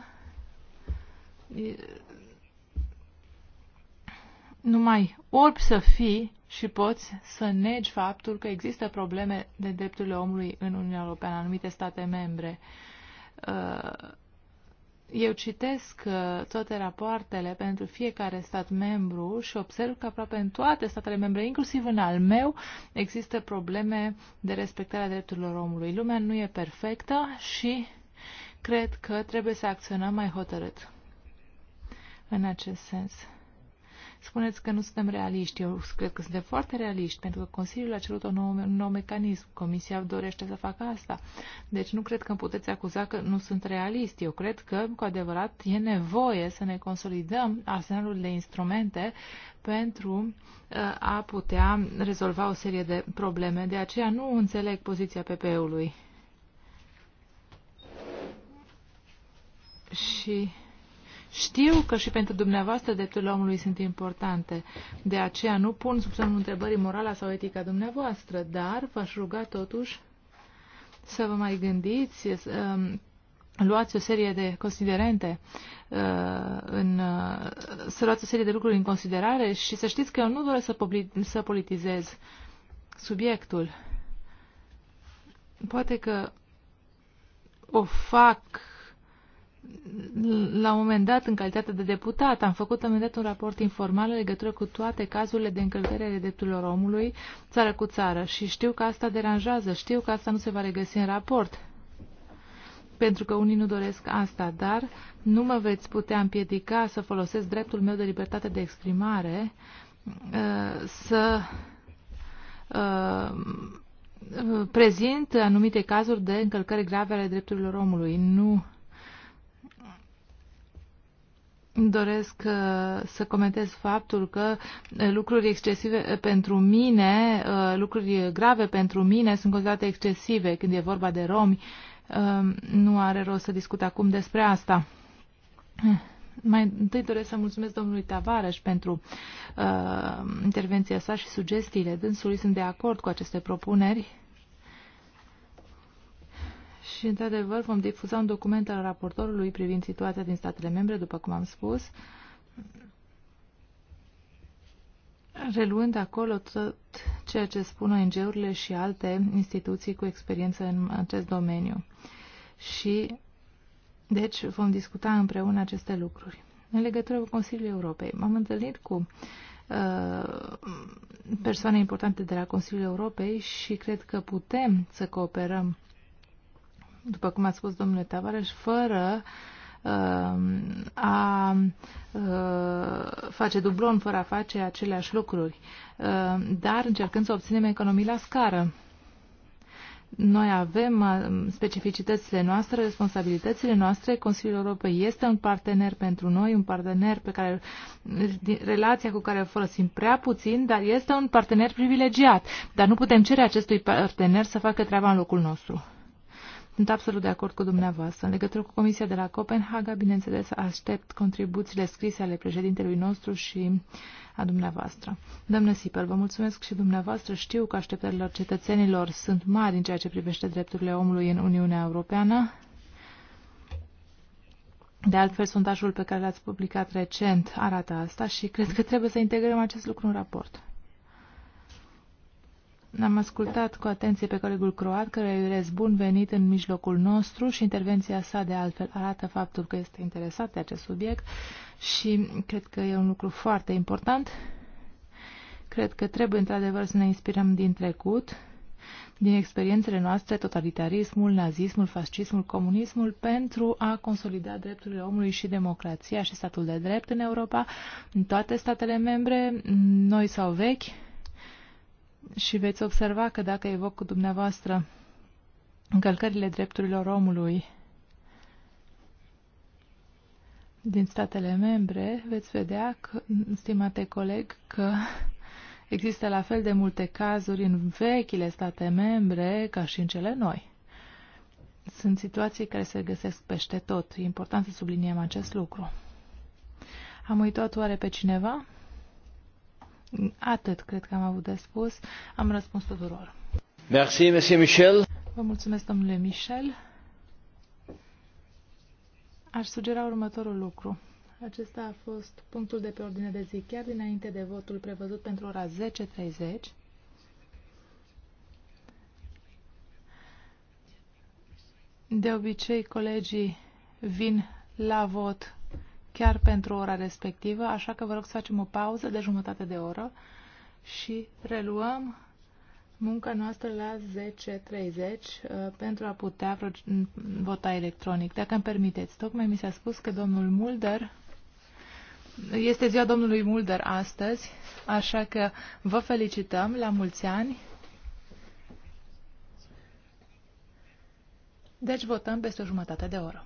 numai orb să fii și poți să negi faptul că există probleme de drepturile omului în Uniunea Europeană, în anumite state membre. Uh, eu citesc uh, toate rapoartele pentru fiecare stat membru și observ că aproape în toate statele membre, inclusiv în al meu, există probleme de respectare a drepturilor omului. Lumea nu e perfectă și cred că trebuie să acționăm mai hotărât în acest sens. Spuneți că nu suntem realiști. Eu cred că suntem foarte realiști, pentru că Consiliul a cerut un nou, un nou mecanism. Comisia dorește să facă asta. Deci nu cred că îmi puteți acuza că nu sunt realiști. Eu cred că, cu adevărat, e nevoie să ne consolidăm arsenalul de instrumente pentru uh, a putea rezolva o serie de probleme. De aceea nu înțeleg poziția PP-ului. Și... Știu că și pentru dumneavoastră drepturile omului sunt importante, de aceea nu pun sub semnul întrebării morala sau etica dumneavoastră, dar v-aș ruga totuși să vă mai gândiți, să, um, luați o serie de considerente, uh, în, uh, să luați o serie de lucruri în considerare și să știți că eu nu doresc să, să politizez subiectul. Poate că o fac la un moment dat, în calitate de deputat, am făcut am dat un raport informal în legătură cu toate cazurile de încălcare ale drepturilor omului, țară cu țară. Și știu că asta deranjează, știu că asta nu se va regăsi în raport. Pentru că unii nu doresc asta, dar nu mă veți putea împiedica să folosesc dreptul meu de libertate de exprimare, uh, să uh, prezint anumite cazuri de încălcări grave ale drepturilor omului. Nu doresc uh, să comentez faptul că uh, lucruri excesive uh, pentru mine, lucruri grave pentru mine sunt considerate excesive când e vorba de romi. Nu are rost să discut acum despre asta. Mai întâi doresc să mulțumesc domnului Tavares pentru uh, intervenția sa și sugestiile dânsului. Sunt de acord cu aceste propuneri și, într-adevăr, vom difuza un document al raportorului privind situația din statele membre, după cum am spus, reluând acolo tot ceea ce spun ONG-urile și alte instituții cu experiență în acest domeniu. Și, deci, vom discuta împreună aceste lucruri. În legătură cu Consiliul Europei, m-am întâlnit cu uh, persoane importante de la Consiliul Europei și cred că putem să cooperăm după cum a spus domnule Tavares, fără uh, a uh, face dublon, fără a face aceleași lucruri, uh, dar încercând să obținem economii la scară. Noi avem uh, specificitățile noastre, responsabilitățile noastre. Consiliul Europei este un partener pentru noi, un partener pe care relația cu care o folosim prea puțin, dar este un partener privilegiat. Dar nu putem cere acestui partener să facă treaba în locul nostru. Sunt absolut de acord cu dumneavoastră. În legătură cu Comisia de la Copenhaga, bineînțeles, aștept contribuțiile scrise ale președintelui nostru și a dumneavoastră. Doamnă Sipel, vă mulțumesc și dumneavoastră. Știu că așteptările cetățenilor sunt mari în ceea ce privește drepturile omului în Uniunea Europeană. De altfel, sondajul pe care l-ați publicat recent arată asta și cred că trebuie să integrăm acest lucru în raport. Am ascultat cu atenție pe colegul croat, care îi urez bun venit în mijlocul nostru și intervenția sa de altfel arată faptul că este interesat de acest subiect și cred că e un lucru foarte important. Cred că trebuie într-adevăr să ne inspirăm din trecut, din experiențele noastre, totalitarismul, nazismul, fascismul, comunismul, pentru a consolida drepturile omului și democrația și statul de drept în Europa, în toate statele membre, noi sau vechi, și veți observa că dacă evoc cu dumneavoastră încălcările drepturilor omului din statele membre, veți vedea, că, stimate coleg, că există la fel de multe cazuri în vechile state membre ca și în cele noi. Sunt situații care se găsesc peste tot. E important să subliniem acest lucru. Am uitat oare pe cineva? Atât cred că am avut de spus. Am răspuns tuturor. Merci, monsieur Michel. Vă mulțumesc, domnule Michel. Aș sugera următorul lucru. Acesta a fost punctul de pe ordine de zi chiar dinainte de votul prevăzut pentru ora 10.30. De obicei, colegii vin la vot chiar pentru ora respectivă, așa că vă rog să facem o pauză de jumătate de oră și reluăm munca noastră la 10.30 uh, pentru a putea vota electronic. Dacă îmi permiteți, tocmai mi s-a spus că domnul Mulder este ziua domnului Mulder astăzi, așa că vă felicităm, la mulți ani. Deci votăm peste o jumătate de oră.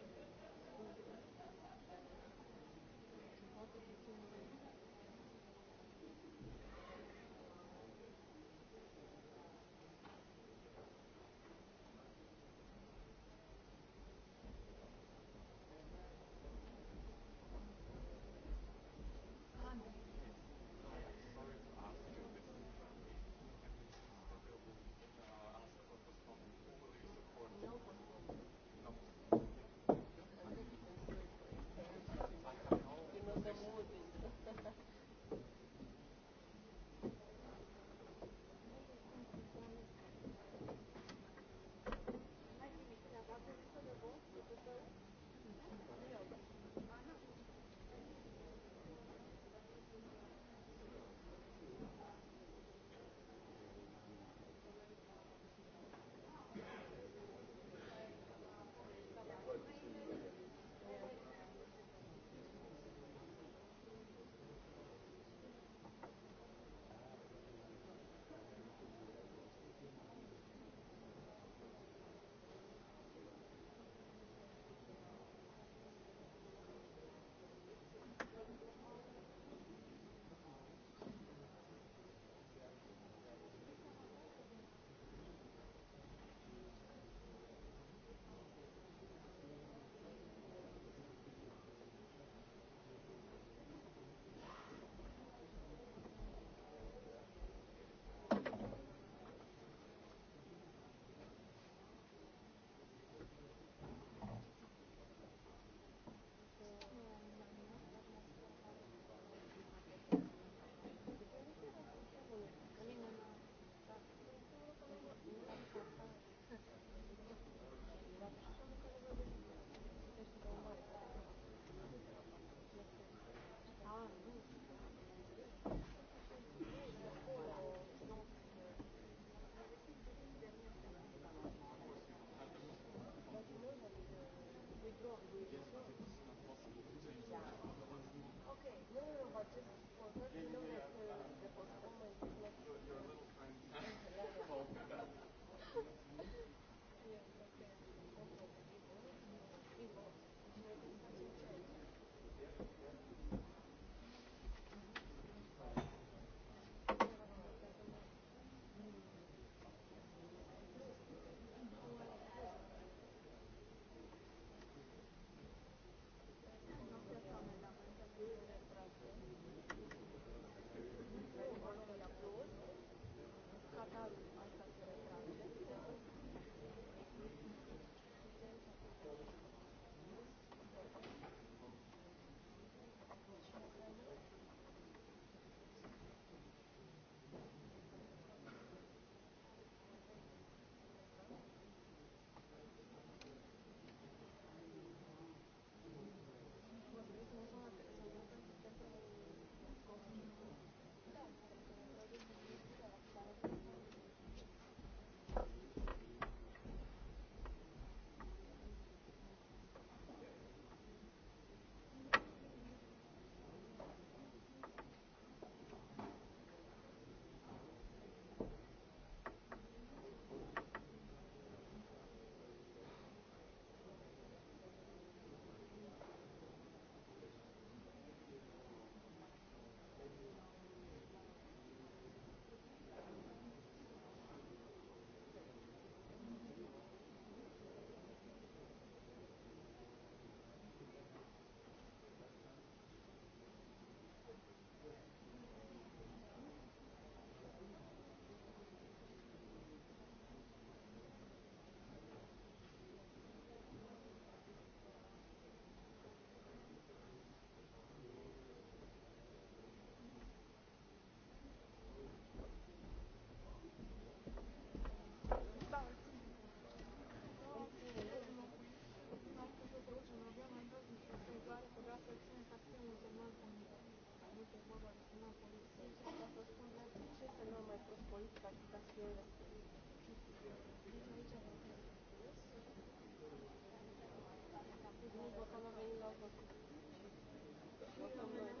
Mulțumesc.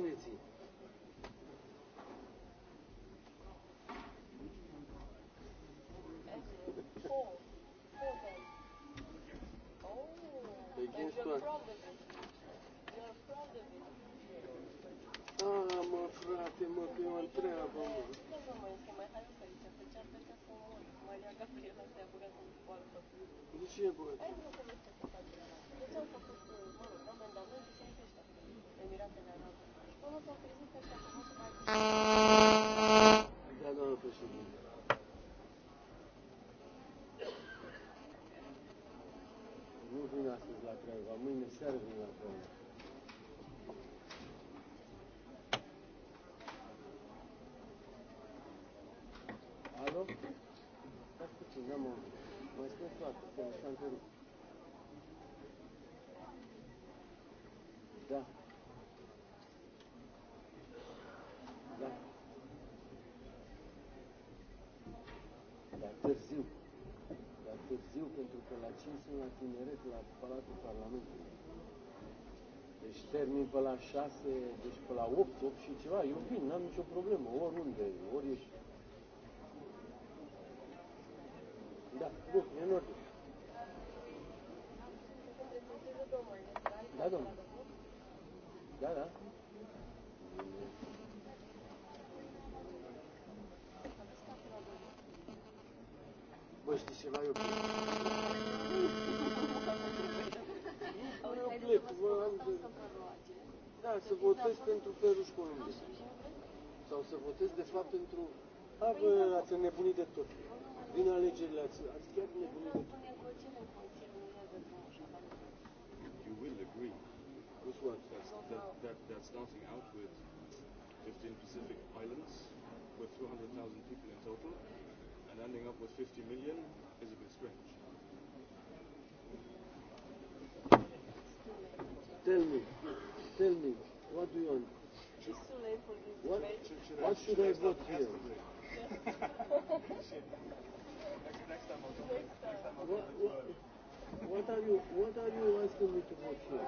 opportunity. Four. Four Oh, there's a problem. vin astăzi la Craiova, mâine seară vin la Craiova. tineret la Palatul Parlamentului. Deci termin pe la 6, deci pe la 8, 8 și ceva. Eu vin, n-am nicio problemă, oriunde, ori ești. Da, bun, e în ordine. Da, domnule. Da, da. Bă, știi ceva? Eu Da, să votez pentru Peru și Columbia. Sau să votez, de fapt, pentru... A, bă, ați înnebunit de tot. Vin alegerile, ați, ați chiar înnebunit de tot. You will agree. With what? That's, that, that, that starting out with 15 Pacific Islands, with 200,000 people in total, and ending up with 50 million is a bit strange. Tell me, tell me, what do you want? what, What should I vote here? What? next What are you What are you asking me to vote for?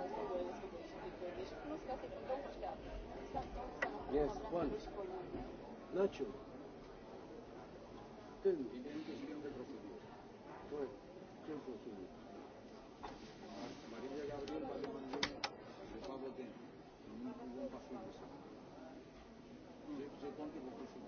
Yes, one. Nacho. Tell me. Why? Can't continue. contribuții și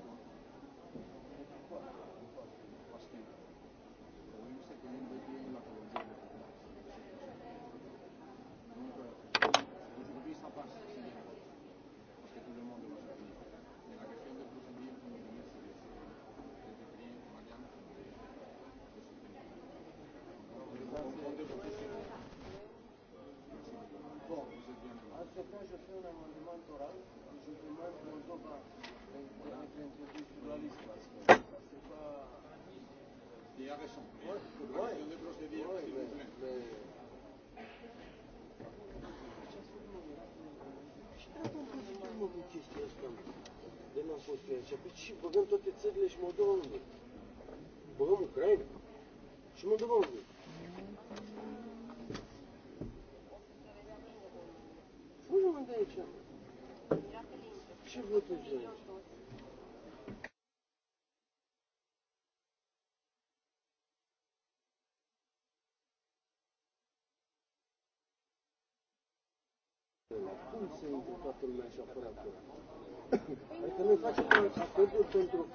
băgăm toate țările și Moldova în grup. Băgăm Ucraina și Moldova în grup. Fugi-mă de aici. Ce votezi de aici? Cum se uită toată lumea așa fără acolo? Adică noi facem acordul pentru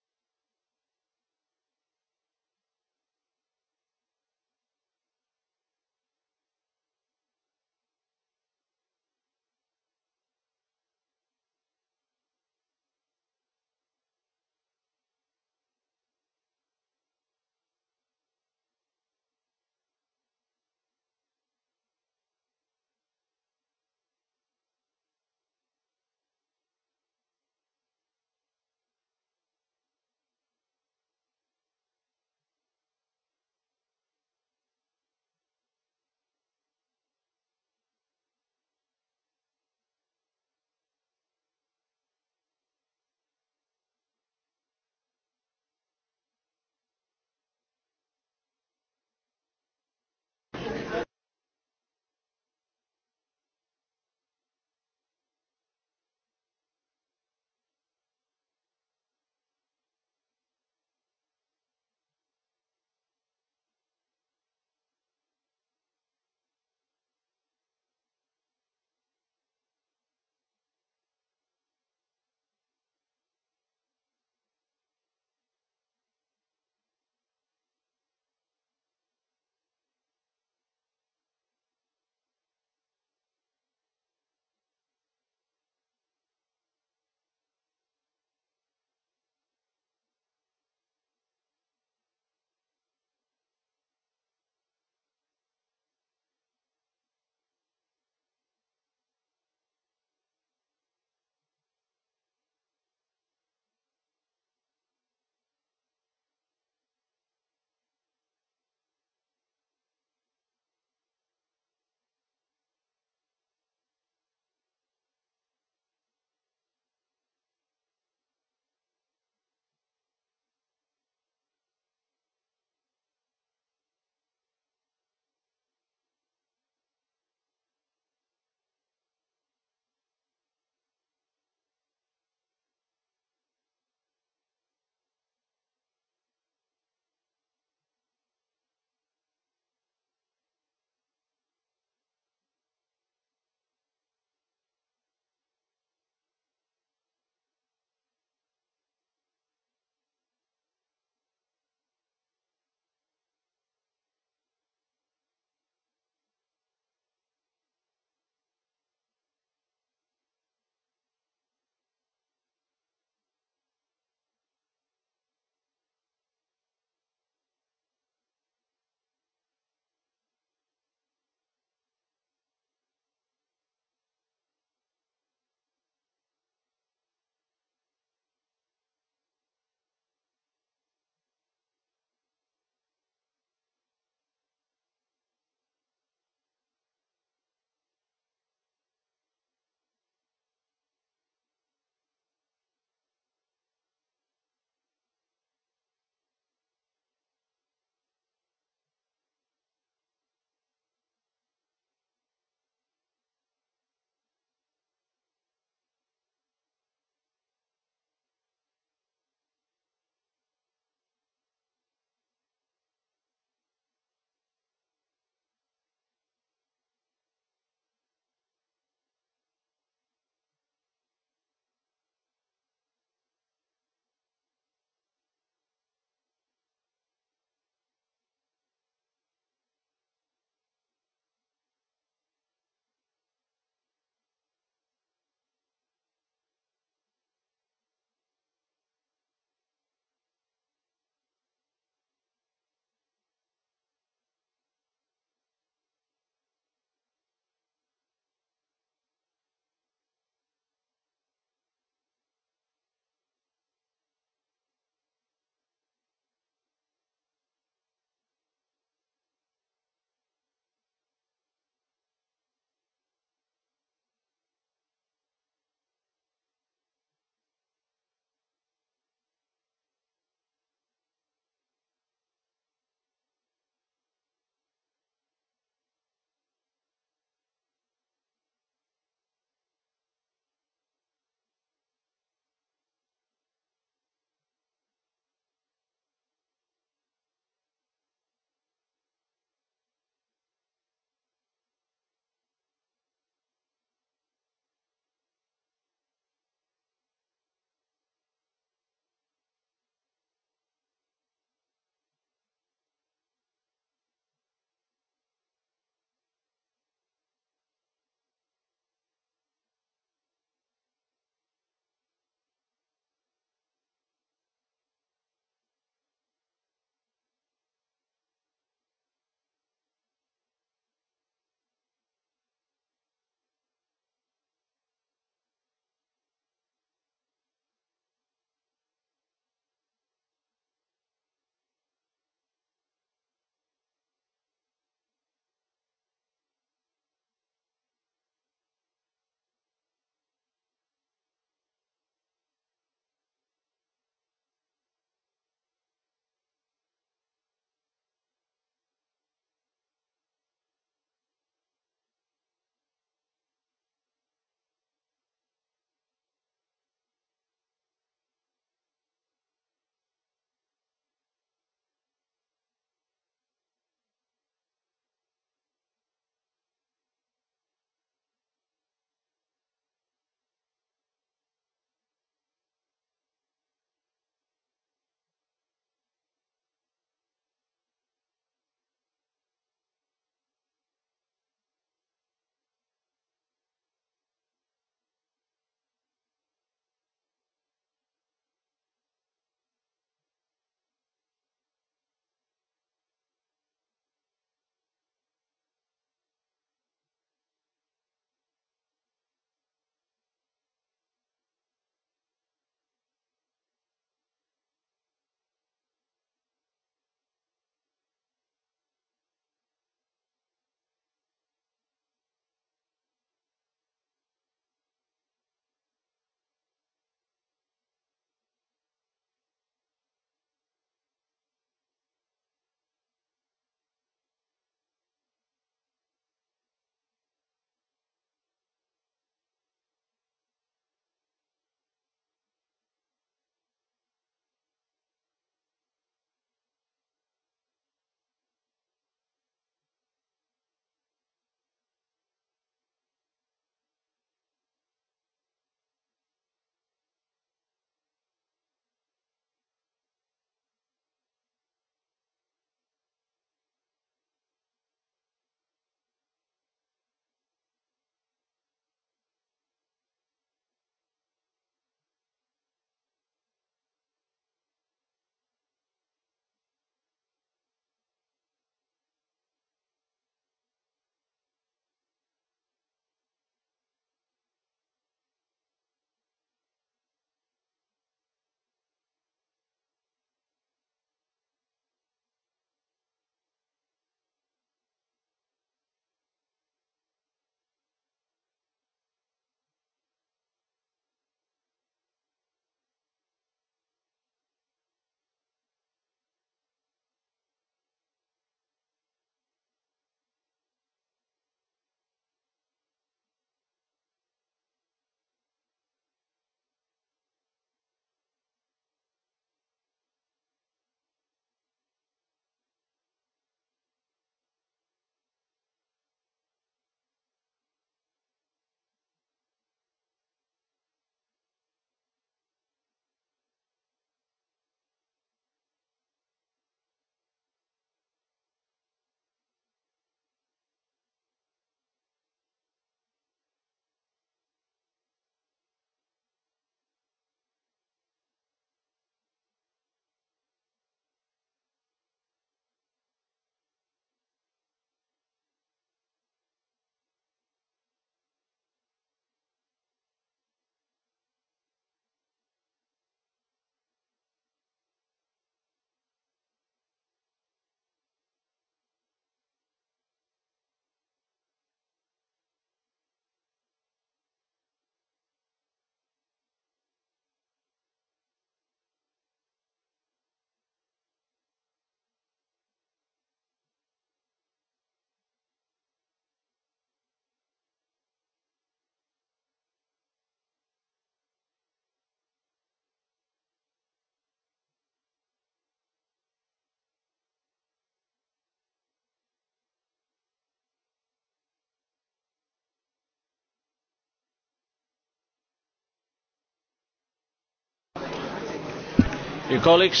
Your colleagues?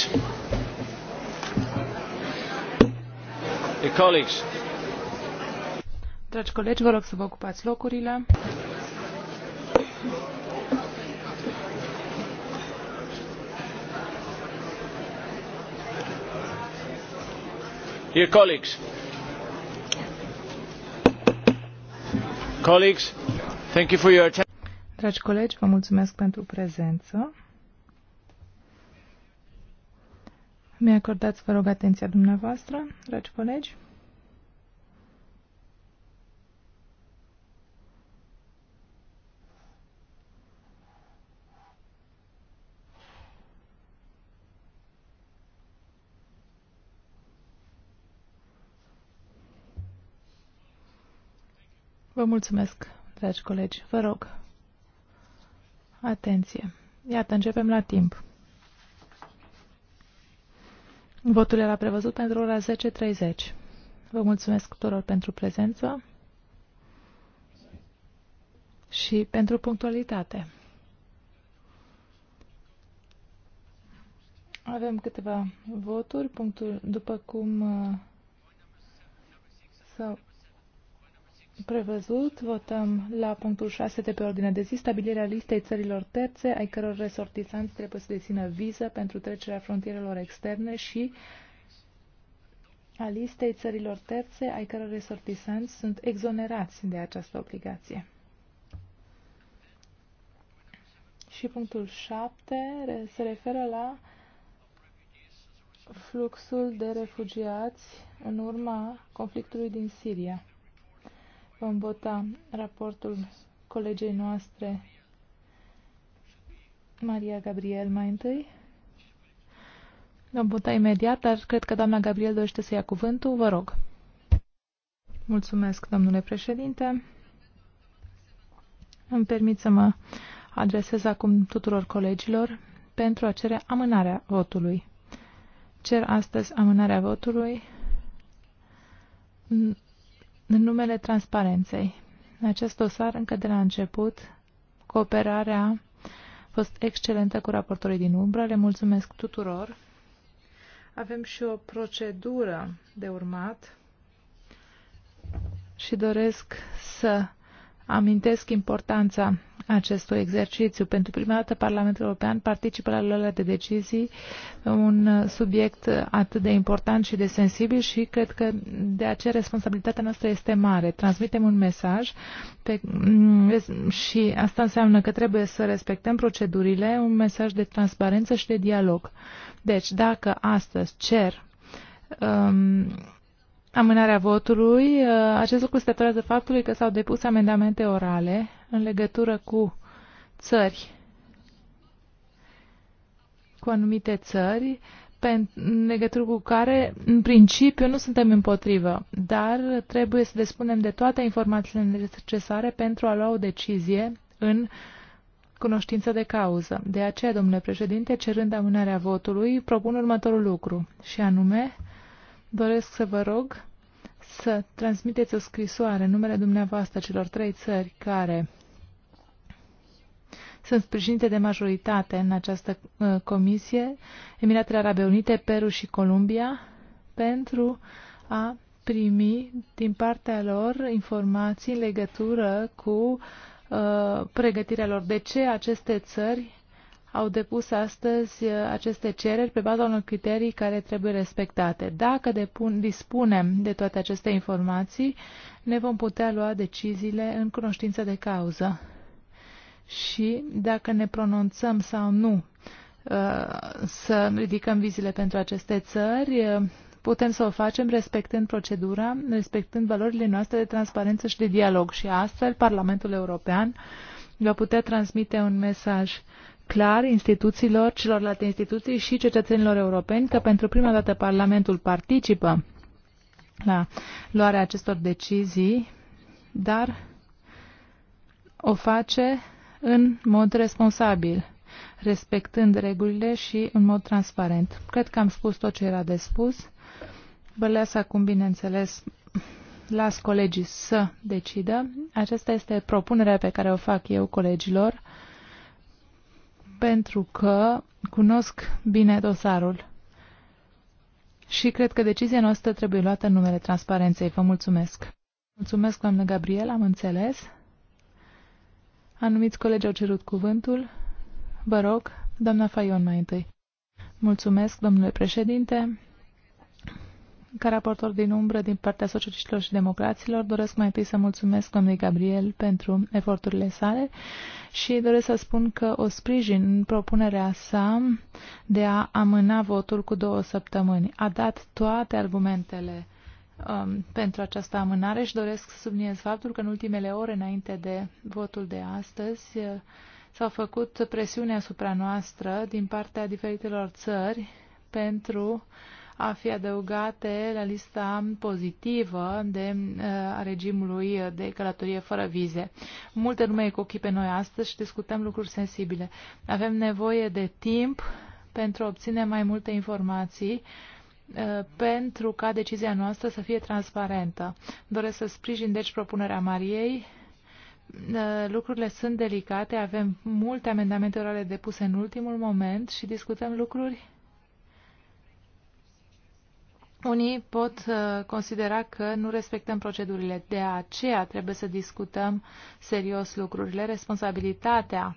Your colleagues? Dragi colegi, vă rog să vă ocupați locurile. Dear colleagues, colleagues, thank you for your attention. Dragi colegi, vă mulțumesc pentru prezență. Mi-acordați, vă rog, atenția dumneavoastră, dragi colegi. Vă mulțumesc, dragi colegi. Vă rog, atenție. Iată, începem la timp. Votul era prevăzut pentru ora 10.30. Vă mulțumesc tuturor pentru prezență și pentru punctualitate. Avem câteva voturi, punctul, după cum uh, s prevăzut. Votăm la punctul 6 de pe ordinea de zi, stabilirea listei țărilor terțe, ai căror resortizanți trebuie să dețină viză pentru trecerea frontierelor externe și a listei țărilor terțe, ai căror resortizanți sunt exonerați de această obligație. Și punctul 7 se referă la fluxul de refugiați în urma conflictului din Siria vom vota raportul colegei noastre Maria Gabriel mai întâi. Vom vota imediat, dar cred că doamna Gabriel dorește să ia cuvântul. Vă rog. Mulțumesc, domnule președinte. Îmi permit să mă adresez acum tuturor colegilor pentru a cere amânarea votului. Cer astăzi amânarea votului în numele transparenței, acest dosar, încă de la început, cooperarea a fost excelentă cu raportorii din umbră. Le mulțumesc tuturor. Avem și o procedură de urmat și doresc să amintesc importanța acestui exercițiu. Pentru prima dată Parlamentul European participă la luarea de decizii, un subiect atât de important și de sensibil și cred că de aceea responsabilitatea noastră este mare. Transmitem un mesaj pe, și asta înseamnă că trebuie să respectăm procedurile, un mesaj de transparență și de dialog. Deci, dacă astăzi cer um, amânarea votului. Uh, acest lucru se datorează faptului că s-au depus amendamente orale în legătură cu țări, cu anumite țări, în legătură cu care, în principiu, nu suntem împotrivă, dar trebuie să despunem de toate informațiile necesare pentru a lua o decizie în cunoștință de cauză. De aceea, domnule președinte, cerând amânarea votului, propun următorul lucru, și anume, doresc să vă rog să transmiteți o scrisoare în numele dumneavoastră celor trei țări care sunt sprijinite de majoritate în această uh, comisie, Emiratele Arabe Unite, Peru și Columbia, pentru a primi din partea lor informații în legătură cu uh, pregătirea lor. De ce aceste țări au depus astăzi uh, aceste cereri pe baza unor criterii care trebuie respectate. Dacă depun, dispunem de toate aceste informații, ne vom putea lua deciziile în cunoștință de cauză. Și dacă ne pronunțăm sau nu uh, să ridicăm vizile pentru aceste țări, uh, putem să o facem respectând procedura, respectând valorile noastre de transparență și de dialog. Și astfel Parlamentul European va putea transmite un mesaj clar instituțiilor, celorlalte instituții și cetățenilor europeni că pentru prima dată Parlamentul participă la luarea acestor decizii, dar o face în mod responsabil, respectând regulile și în mod transparent. Cred că am spus tot ce era de spus. Vă las acum, bineînțeles, las colegii să decidă. Aceasta este propunerea pe care o fac eu colegilor pentru că cunosc bine dosarul și cred că decizia noastră trebuie luată în numele transparenței. Vă mulțumesc. Mulțumesc, doamnă Gabriel, am înțeles. Anumiți colegi au cerut cuvântul. Vă rog, doamna Faion mai întâi. Mulțumesc, domnule președinte. Ca raportor din umbră din partea socialiștilor și democraților, doresc mai întâi să mulțumesc domnului Gabriel pentru eforturile sale și doresc să spun că o sprijin în propunerea sa de a amâna votul cu două săptămâni. A dat toate argumentele um, pentru această amânare și doresc să subliniez faptul că în ultimele ore înainte de votul de astăzi uh, s-au făcut presiune asupra noastră din partea diferitelor țări pentru a fi adăugate la lista pozitivă de, uh, a regimului de călătorie fără vize. Multe lume e cu ochii pe noi astăzi și discutăm lucruri sensibile. Avem nevoie de timp pentru a obține mai multe informații uh, pentru ca decizia noastră să fie transparentă. Doresc să sprijin deci propunerea Mariei uh, lucrurile sunt delicate, avem multe amendamente orale depuse în ultimul moment și discutăm lucruri unii pot uh, considera că nu respectăm procedurile, de aceea trebuie să discutăm serios lucrurile. Responsabilitatea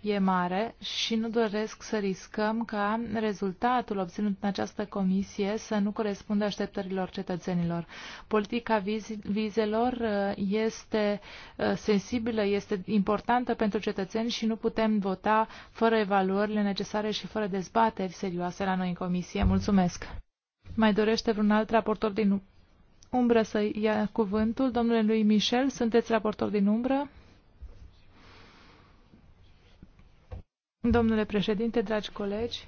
e mare și nu doresc să riscăm ca rezultatul obținut în această comisie să nu corespundă așteptărilor cetățenilor. Politica vizelor uh, este uh, sensibilă, este importantă pentru cetățeni și nu putem vota fără evaluările necesare și fără dezbateri serioase la noi în comisie. Mulțumesc! Mai dorește vreun alt raportor din umbră să ia cuvântul? Domnule lui Michel, sunteți raportor din umbră? Domnule președinte, dragi colegi,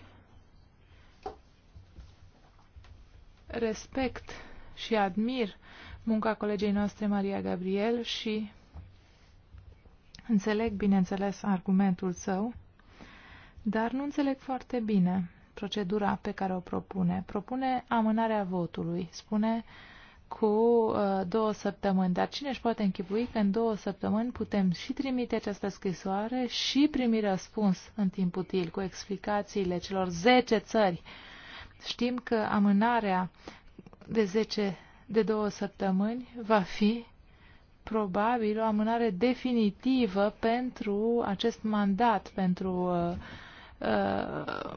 respect și admir munca colegei noastre Maria Gabriel și înțeleg, bineînțeles, argumentul său, dar nu înțeleg foarte bine procedura pe care o propune. Propune amânarea votului. Spune cu uh, două săptămâni. Dar cine își poate închipui că în două săptămâni putem și trimite această scrisoare și primi răspuns în timp util cu explicațiile celor 10 țări. Știm că amânarea de 10 de două săptămâni va fi probabil o amânare definitivă pentru acest mandat, pentru uh, uh,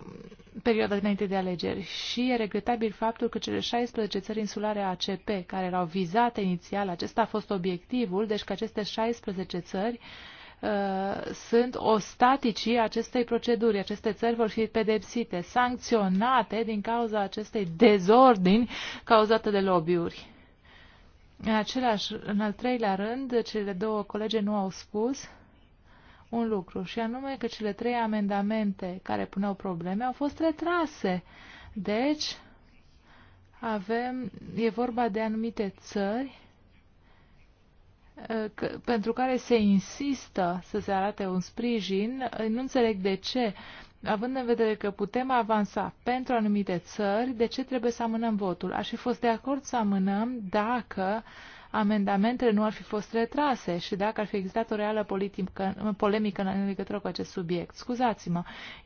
perioada dinainte de alegeri și e regretabil faptul că cele 16 țări insulare ACP care erau vizate inițial, acesta a fost obiectivul, deci că aceste 16 țări uh, sunt ostaticii acestei proceduri. Aceste țări vor fi pedepsite, sancționate din cauza acestei dezordini cauzate de lobby-uri. În, același, în al treilea rând, cele două colege nu au spus uh, un lucru, și anume că cele trei amendamente care puneau probleme au fost retrase. Deci, avem, e vorba de anumite țări uh, că, pentru care se insistă să se arate un sprijin, uh, nu înțeleg de ce, având în vedere că putem avansa pentru anumite țări, de ce trebuie să amânăm votul? Aș fi fost de acord să amânăm dacă uh, amendamentele nu ar fi fost retrase și dacă ar fi existat o reală politică, polemică în legătură cu acest subiect. Scuzați-mă,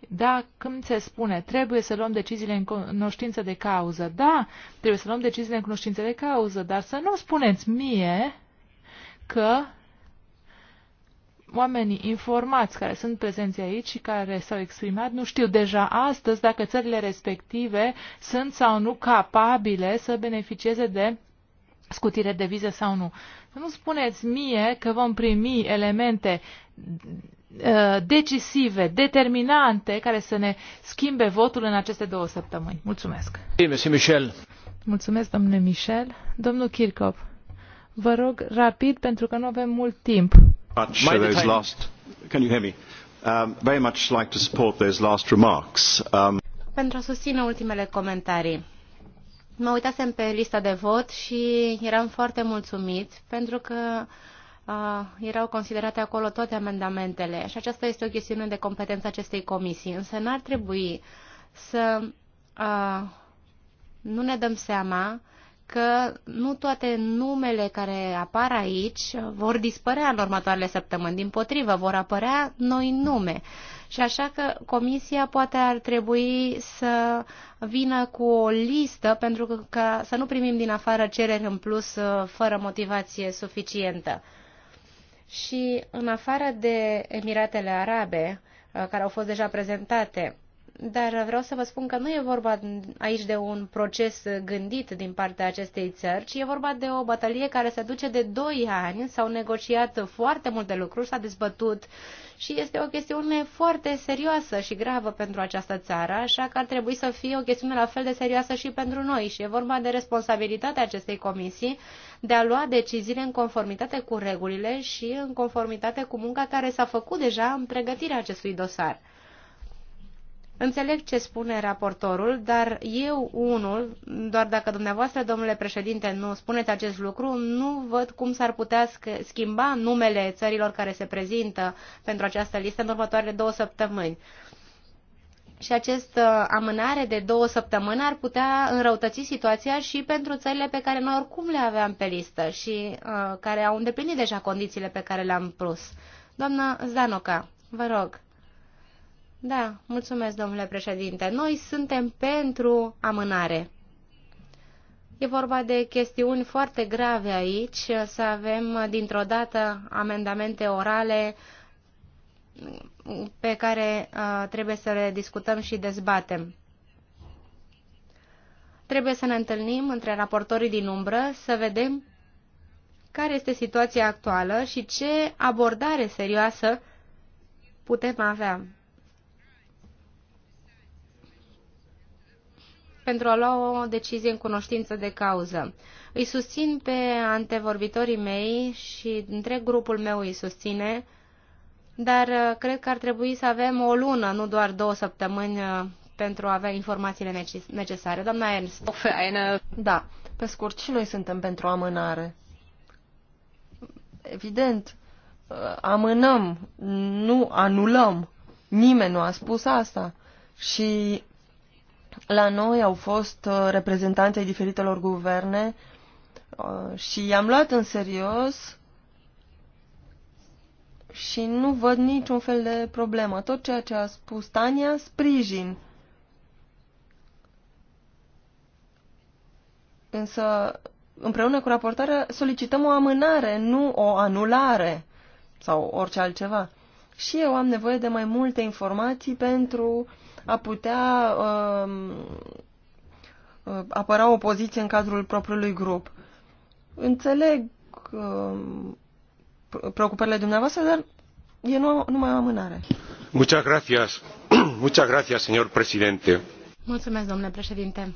da, când se spune trebuie să luăm deciziile în cunoștință de cauză, da, trebuie să luăm deciziile în cunoștință de cauză, dar să nu spuneți mie că oamenii informați care sunt prezenți aici și care s-au exprimat nu știu deja astăzi dacă țările respective sunt sau nu capabile să beneficieze de scutire de vize sau nu. Să nu spuneți mie că vom primi elemente uh, decisive, determinante, care să ne schimbe votul în aceste două săptămâni. Mulțumesc. Michel. Mulțumesc, domnule Michel. Domnul Kirchhoff, vă rog rapid, pentru că nu avem mult timp. last... Can you hear me? Um, very much like to support those last remarks. Um... Pentru a susține ultimele comentarii mă uitasem pe lista de vot și eram foarte mulțumit pentru că uh, erau considerate acolo toate amendamentele și aceasta este o chestiune de competență acestei comisii. Însă n-ar trebui să uh, nu ne dăm seama că nu toate numele care apar aici vor dispărea în următoarele săptămâni. Din potrivă, vor apărea noi nume. Uh, și așa că Comisia poate ar trebui să vină cu o listă pentru că, ca să nu primim din afară cereri în plus uh, fără motivație suficientă. Și în afară de Emiratele Arabe, uh, care au fost deja prezentate, dar vreau să vă spun că nu e vorba aici de un proces gândit din partea acestei țări, ci e vorba de o bătălie care se duce de 2 ani, s-au negociat foarte multe lucruri, s-a dezbătut și este o chestiune foarte serioasă și gravă pentru această țară, așa că ar trebui să fie o chestiune la fel de serioasă și pentru noi și e vorba de responsabilitatea acestei comisii de a lua deciziile în conformitate cu regulile și în conformitate cu munca care s-a făcut deja în pregătirea acestui dosar. Înțeleg ce spune raportorul, dar eu unul, doar dacă dumneavoastră, domnule președinte, nu spuneți acest lucru, nu văd cum s-ar putea schimba numele țărilor care se prezintă pentru această listă în următoarele două săptămâni. Și această uh, amânare de două săptămâni ar putea înrăutăți situația și pentru țările pe care noi oricum le aveam pe listă și uh, care au îndeplinit deja condițiile pe care le-am plus. Doamna Zanoca. vă rog. Da, mulțumesc, domnule președinte. Noi suntem pentru amânare. E vorba de chestiuni foarte grave aici, să avem dintr-o dată amendamente orale pe care uh, trebuie să le discutăm și dezbatem. Trebuie să ne întâlnim între raportorii din umbră să vedem care este situația actuală și ce abordare serioasă putem avea. pentru a lua o decizie în cunoștință de cauză. Îi susțin pe antevorbitorii mei și întreg grupul meu îi susține, dar uh, cred că ar trebui să avem o lună, nu doar două săptămâni, uh, pentru a avea informațiile necesare. Doamna Ernst. Da, pe scurt, și noi suntem pentru amânare. Evident, uh, amânăm, nu anulăm. Nimeni nu a spus asta. Și la noi au fost uh, reprezentanții diferitelor guverne uh, și i-am luat în serios și nu văd niciun fel de problemă. Tot ceea ce a spus Tania, sprijin. Însă, împreună cu raportarea, solicităm o amânare, nu o anulare sau orice altceva. Și eu am nevoie de mai multe informații pentru a putea uh, apăra o poziție în cadrul propriului grup. Înțeleg uh, preocupările dumneavoastră, dar e nu, numai o amânare. Muchas gracias. *clears throat* Muchas gracias, señor presidente. Mulțumesc, domnule președinte.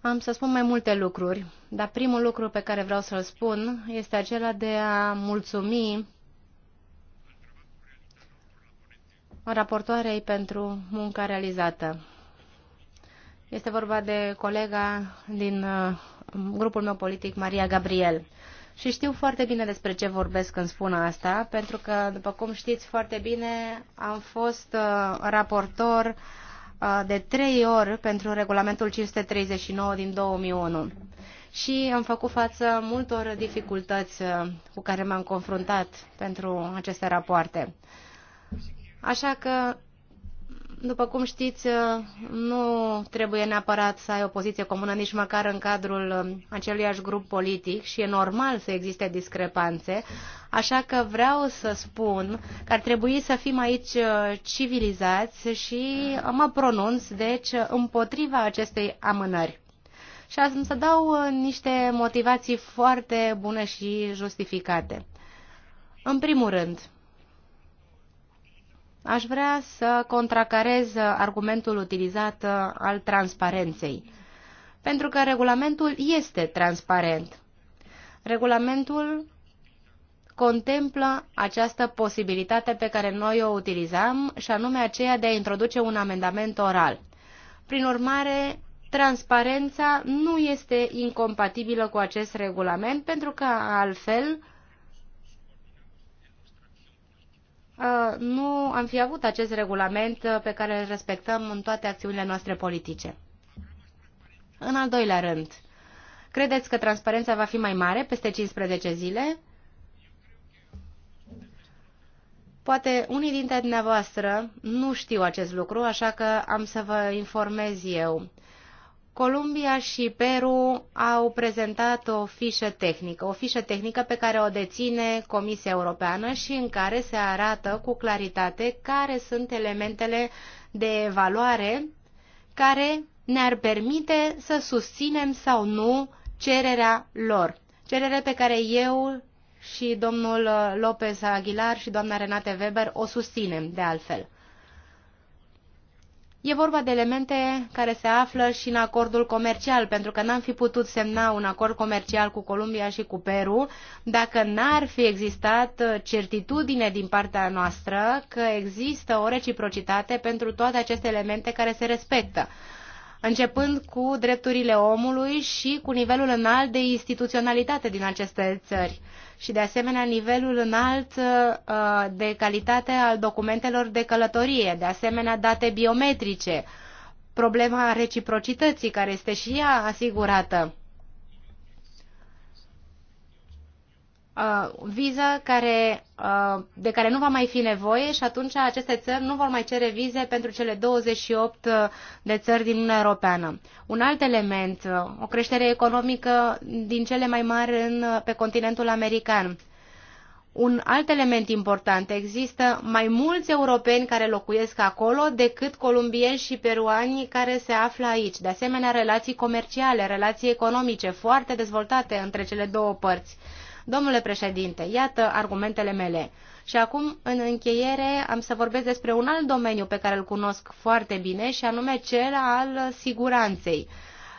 Am să spun mai multe lucruri, dar primul lucru pe care vreau să-l spun este acela de a mulțumi raportoarei pentru munca realizată. Este vorba de colega din uh, grupul meu politic, Maria Gabriel. Și știu foarte bine despre ce vorbesc când spun asta, pentru că, după cum știți foarte bine, am fost uh, raportor uh, de trei ori pentru regulamentul 539 din 2001 și am făcut față multor dificultăți cu care m-am confruntat pentru aceste rapoarte. Așa că, după cum știți, nu trebuie neapărat să ai o poziție comună nici măcar în cadrul aceluiași grup politic și e normal să existe discrepanțe, așa că vreau să spun că ar trebui să fim aici uh, civilizați și mă pronunț, deci, împotriva acestei amânări. Și am să dau uh, niște motivații foarte bune și justificate. În primul rând, Aș vrea să contracarez argumentul utilizat uh, al transparenței, pentru că regulamentul este transparent. Regulamentul contemplă această posibilitate pe care noi o utilizam, și anume aceea de a introduce un amendament oral. Prin urmare, transparența nu este incompatibilă cu acest regulament, pentru că altfel Uh, nu am fi avut acest regulament uh, pe care îl respectăm în toate acțiunile noastre politice. În al doilea rând, credeți că transparența va fi mai mare peste 15 zile? Poate unii dintre dumneavoastră nu știu acest lucru, așa că am să vă informez eu. Columbia și Peru au prezentat o fișă tehnică, o fișă tehnică pe care o deține Comisia Europeană și în care se arată cu claritate care sunt elementele de evaluare care ne-ar permite să susținem sau nu cererea lor. Cerere pe care eu și domnul Lopez Aguilar și doamna Renate Weber o susținem, de altfel. E vorba de elemente care se află și în acordul comercial, pentru că n-am fi putut semna un acord comercial cu Columbia și cu Peru dacă n-ar fi existat uh, certitudine din partea noastră că există o reciprocitate pentru toate aceste elemente care se respectă începând cu drepturile omului și cu nivelul înalt de instituționalitate din aceste țări și de asemenea nivelul înalt uh, de calitate al documentelor de călătorie, de asemenea date biometrice, problema reciprocității care este și ea asigurată uh, viză care, uh, de care nu va mai fi nevoie și atunci aceste țări nu vor mai cere vize pentru cele 28 de țări din Uniunea Europeană. Un alt element, o creștere economică din cele mai mari în, pe continentul american. Un alt element important, există mai mulți europeni care locuiesc acolo decât columbieni și peruani care se află aici. De asemenea, relații comerciale, relații economice foarte dezvoltate între cele două părți. Domnule președinte, iată argumentele mele. Și acum, în încheiere, am să vorbesc despre un alt domeniu pe care îl cunosc foarte bine și anume cel al siguranței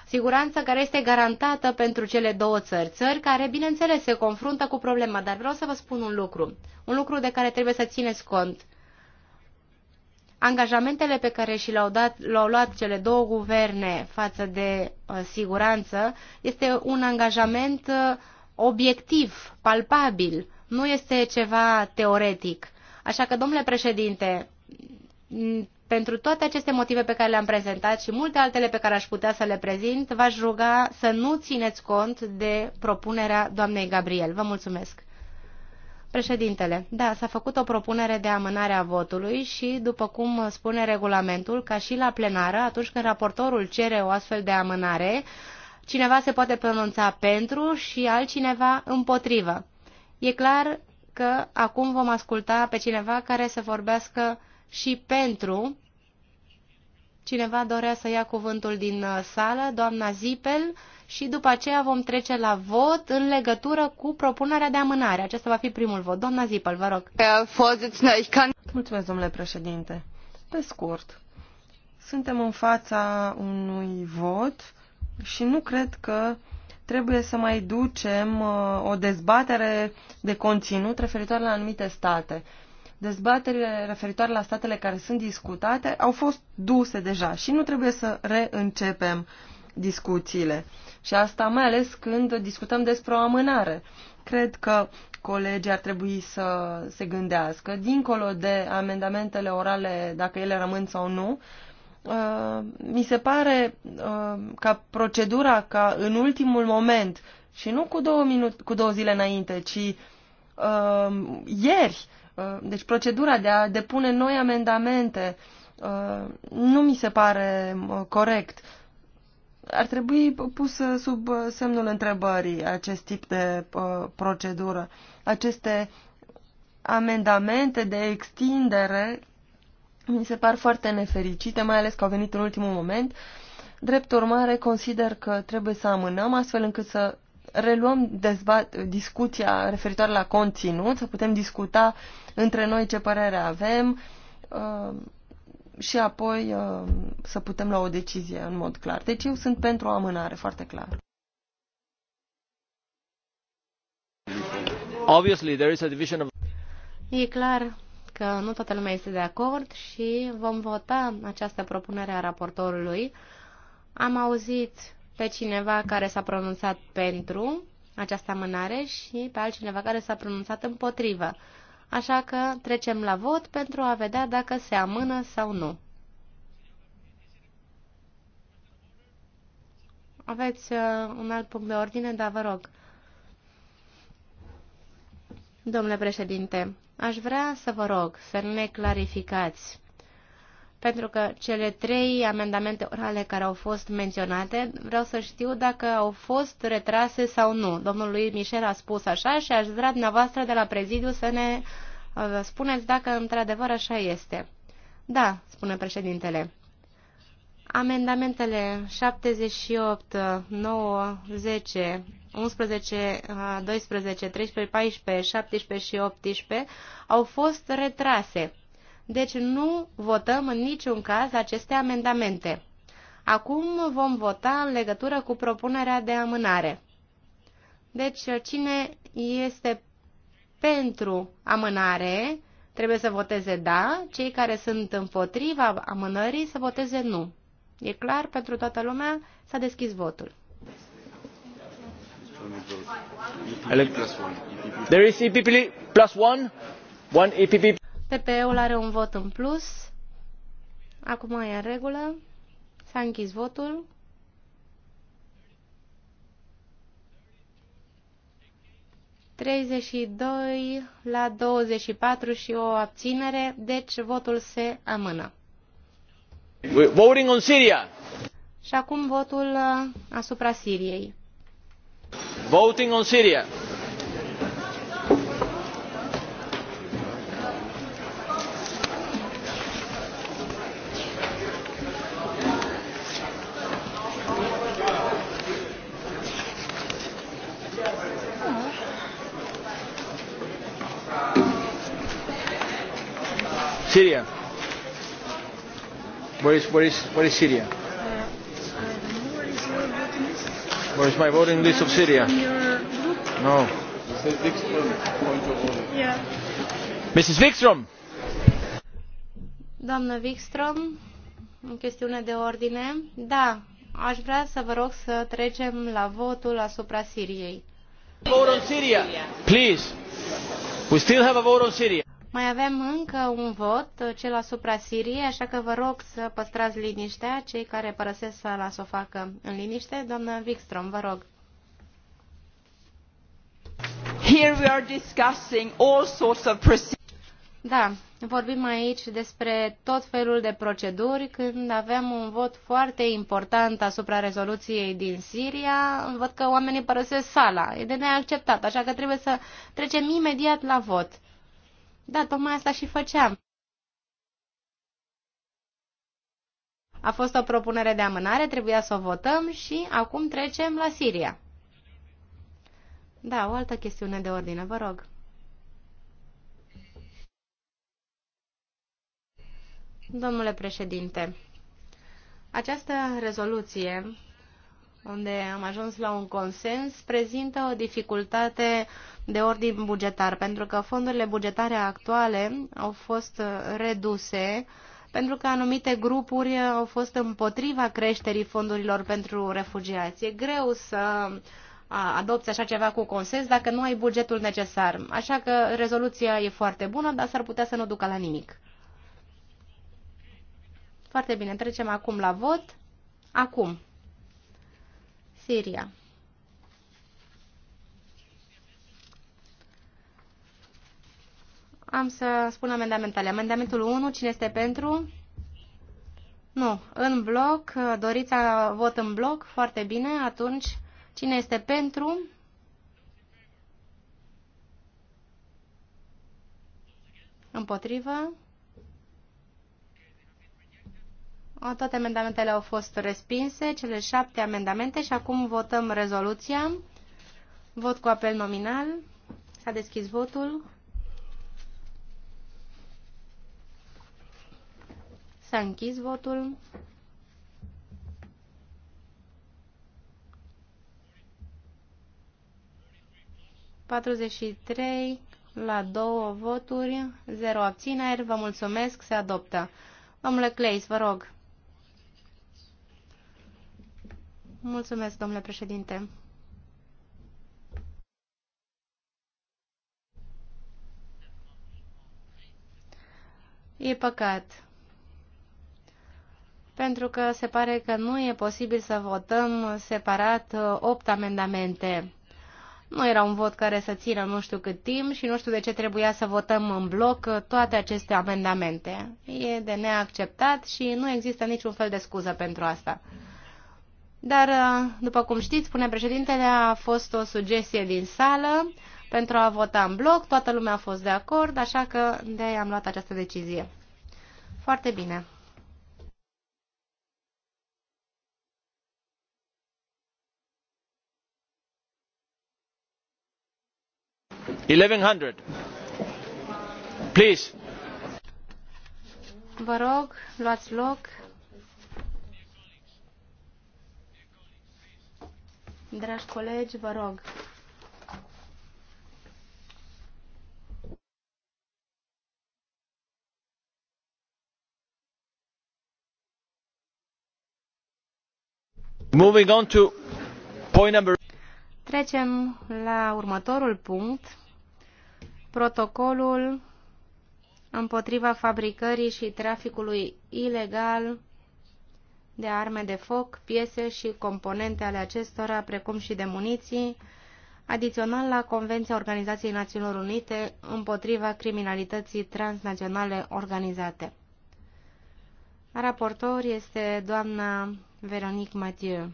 siguranță care este garantată pentru cele două țări, țări care, bineînțeles, se confruntă cu problema, dar vreau să vă spun un lucru, un lucru de care trebuie să țineți cont. Angajamentele pe care și le-au, dat, au luat cele două guverne față de uh, siguranță este un angajament uh, obiectiv, palpabil, nu este ceva teoretic. Așa că, domnule președinte, pentru toate aceste motive pe care le-am prezentat și multe altele pe care aș putea să le prezint, v-aș ruga să nu țineți cont de propunerea doamnei Gabriel. Vă mulțumesc. Președintele, da, s-a făcut o propunere de amânare a votului și, după cum spune regulamentul, ca și la plenară, atunci când raportorul cere o astfel de amânare, cineva se poate pronunța pentru și altcineva împotrivă. E clar că acum vom asculta pe cineva care să vorbească și pentru. Cineva dorea să ia cuvântul din uh, sală, doamna Zipel, și după aceea vom trece la vot în legătură cu propunerea de amânare. Acesta va fi primul vot. Doamna Zipel, vă rog. Mulțumesc, domnule președinte. Pe scurt, suntem în fața unui vot și nu cred că trebuie să mai ducem uh, o dezbatere de conținut referitoare la anumite state. Dezbaterile referitoare la statele care sunt discutate au fost duse deja și nu trebuie să reîncepem discuțiile. Și asta mai ales când discutăm despre o amânare. Cred că colegii ar trebui să se gândească, dincolo de amendamentele orale, dacă ele rămân sau nu, uh, Uh, mi se pare uh, ca procedura ca în ultimul moment și nu cu două, minute, cu două zile înainte, ci uh, ieri, deci procedura de a depune noi amendamente nu mi se pare corect. Ar trebui pus sub semnul întrebării acest tip de procedură. Aceste amendamente de extindere mi se par foarte nefericite, mai ales că au venit în ultimul moment. Drept urmare, consider că trebuie să amânăm astfel încât să reluăm dezbat, discuția referitoare la conținut, să putem discuta între noi ce părere avem uh, și apoi uh, să putem lua o decizie în mod clar. Deci eu sunt pentru o amânare, foarte clar. Obviously, there is a division of... E clar că nu toată lumea este de acord și vom vota această propunere a raportorului. Am auzit pe cineva care s-a pronunțat pentru această amânare și pe altcineva care s-a pronunțat împotrivă. Așa că trecem la vot pentru a vedea dacă se amână sau nu. Aveți uh, un alt punct de ordine, dar vă rog. Domnule președinte, Aș vrea să vă rog să ne clarificați, pentru că cele trei amendamente orale care au fost menționate, vreau să știu dacă au fost retrase sau nu. Domnul lui Mișel a spus așa și aș vrea dumneavoastră de la prezidiu să ne uh, spuneți dacă într-adevăr așa este. Da, spune președintele. Amendamentele 78, 9, 10, 11, 12, 13, 14, 17 și 18 au fost retrase. Deci nu votăm în niciun caz aceste amendamente. Acum vom vota în legătură cu propunerea de amânare. Deci cine este pentru amânare trebuie să voteze da, cei care sunt împotriva amânării să voteze nu. E clar pentru toată lumea, s-a deschis votul. There is EPP plus one. One EPP. PPE-ul are un vot în plus. Acum e în regulă. S-a închis votul. Treizeci și doi la douăzeci și patru și o abținere, deci votul se amână. voting on Syria. Și acum votul uh, asupra Siriei. Voting on Syria. Syria. Where is, where is, where is Syria? Where is my voting list of Syria? No. Mrs. Wikström. Doamnă Wikström, în chestiune de ordine, da, aș vrea să vă rog să trecem la votul asupra Siriei. Vote on Syria. Please. We still have a vote on Syria. Mai avem încă un vot, uh, cel asupra Siriei, așa că vă rog să păstrați liniștea, cei care părăsesc sala să o facă în liniște. Doamna Wikström, vă rog. Here we are discussing all sorts of da, vorbim aici despre tot felul de proceduri când avem un vot foarte important asupra rezoluției din Siria. Văd că oamenii părăsesc sala. E de neacceptat, așa că trebuie să trecem imediat la vot. Da, tocmai asta și făceam. A fost o propunere de amânare, trebuia să o votăm și acum trecem la Siria. Da, o altă chestiune de ordine, vă rog. Domnule președinte, această rezoluție unde am ajuns la un consens, prezintă o dificultate de ordin bugetar, pentru că fondurile bugetare actuale au fost reduse pentru că anumite grupuri au fost împotriva creșterii fondurilor pentru refugiați. E greu să adopți așa ceva cu consens dacă nu ai bugetul necesar. Așa că rezoluția e foarte bună, dar s-ar putea să nu ducă la nimic. Foarte bine, trecem acum la vot. Acum. Siria. Am să spun amendamentele. Amendamentul 1, cine este pentru? Nu, în bloc, doriți a vot în bloc, foarte bine, atunci cine este pentru? Împotrivă? Toate amendamentele au fost respinse, cele șapte amendamente și acum votăm rezoluția. Vot cu apel nominal. S-a deschis votul. S-a închis votul. Patruzeci trei la două voturi, zero abțineri. Vă mulțumesc, se adoptă. Domnule Cleis, vă rog. Mulțumesc, domnule președinte. E păcat. Pentru că se pare că nu e posibil să votăm separat uh, opt amendamente. Nu era un vot care să țină nu știu cât timp și nu știu de ce trebuia să votăm în bloc uh, toate aceste amendamente. E de neacceptat și nu există niciun fel de scuză pentru asta. Dar, uh, după cum știți, spune președintele, a fost o sugestie din sală pentru a vota în bloc, toată lumea a fost de acord, așa că de am luat această decizie. Foarte bine. Please. Vă rog, luați loc. Dragi colegi, vă rog. Moving on to point number... Trecem la următorul punct, protocolul împotriva fabricării și traficului ilegal de arme de foc, piese și componente ale acestora, precum și de muniții, adițional la Convenția Organizației Națiunilor Unite împotriva criminalității transnaționale organizate. Raportor este doamna Veronique Mathieu.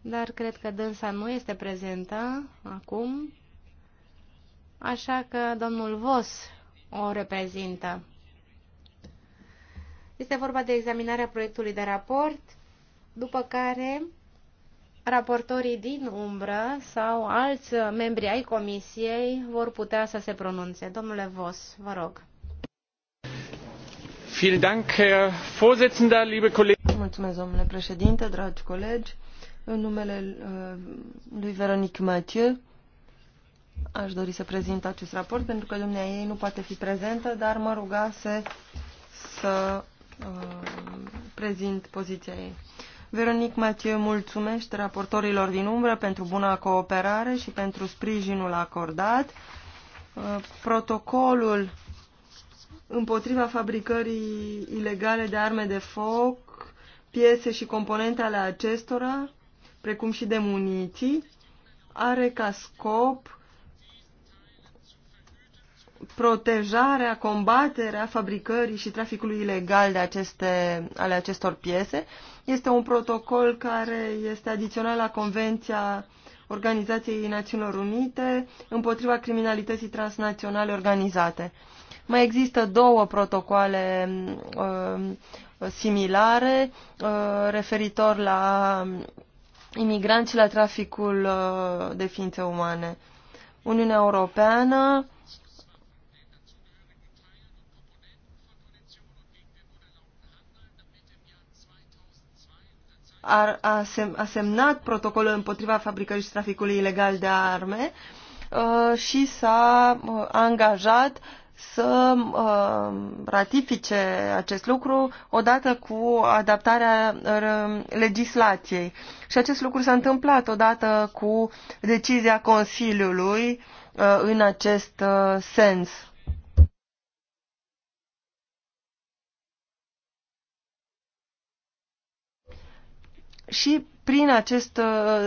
Dar cred că dânsa nu este prezentă acum, așa că domnul Vos o reprezintă. Este vorba de examinarea proiectului de raport, după care raportorii din umbră sau alți membri ai comisiei vor putea să se pronunțe. Domnule Vos, vă rog. Mulțumesc, domnule președinte, dragi colegi. În numele uh, lui Veronique Mathieu aș dori să prezint acest raport pentru că dumneavoastră ei nu poate fi prezentă, dar mă ruga să Uh, prezint poziția ei. Veronic Mathieu mulțumește raportorilor din umbră pentru buna cooperare și pentru sprijinul acordat. Uh, protocolul împotriva fabricării ilegale de arme de foc, piese și componente ale acestora, precum și de muniții, are ca scop protejarea, combaterea fabricării și traficului ilegal de aceste, ale acestor piese. Este un protocol care este adițional la Convenția Organizației Națiunilor Unite împotriva criminalității transnaționale organizate. Mai există două protocoale uh, similare uh, referitor la imigranți și la traficul uh, de ființe umane. Uniunea Europeană a, a, sem, a semnat protocolul împotriva fabricării și traficului ilegal de arme uh, și s-a uh, angajat să uh, ratifice acest lucru odată cu adaptarea uh, legislației. Și acest lucru s-a întâmplat odată cu decizia Consiliului uh, în acest uh, sens. și prin această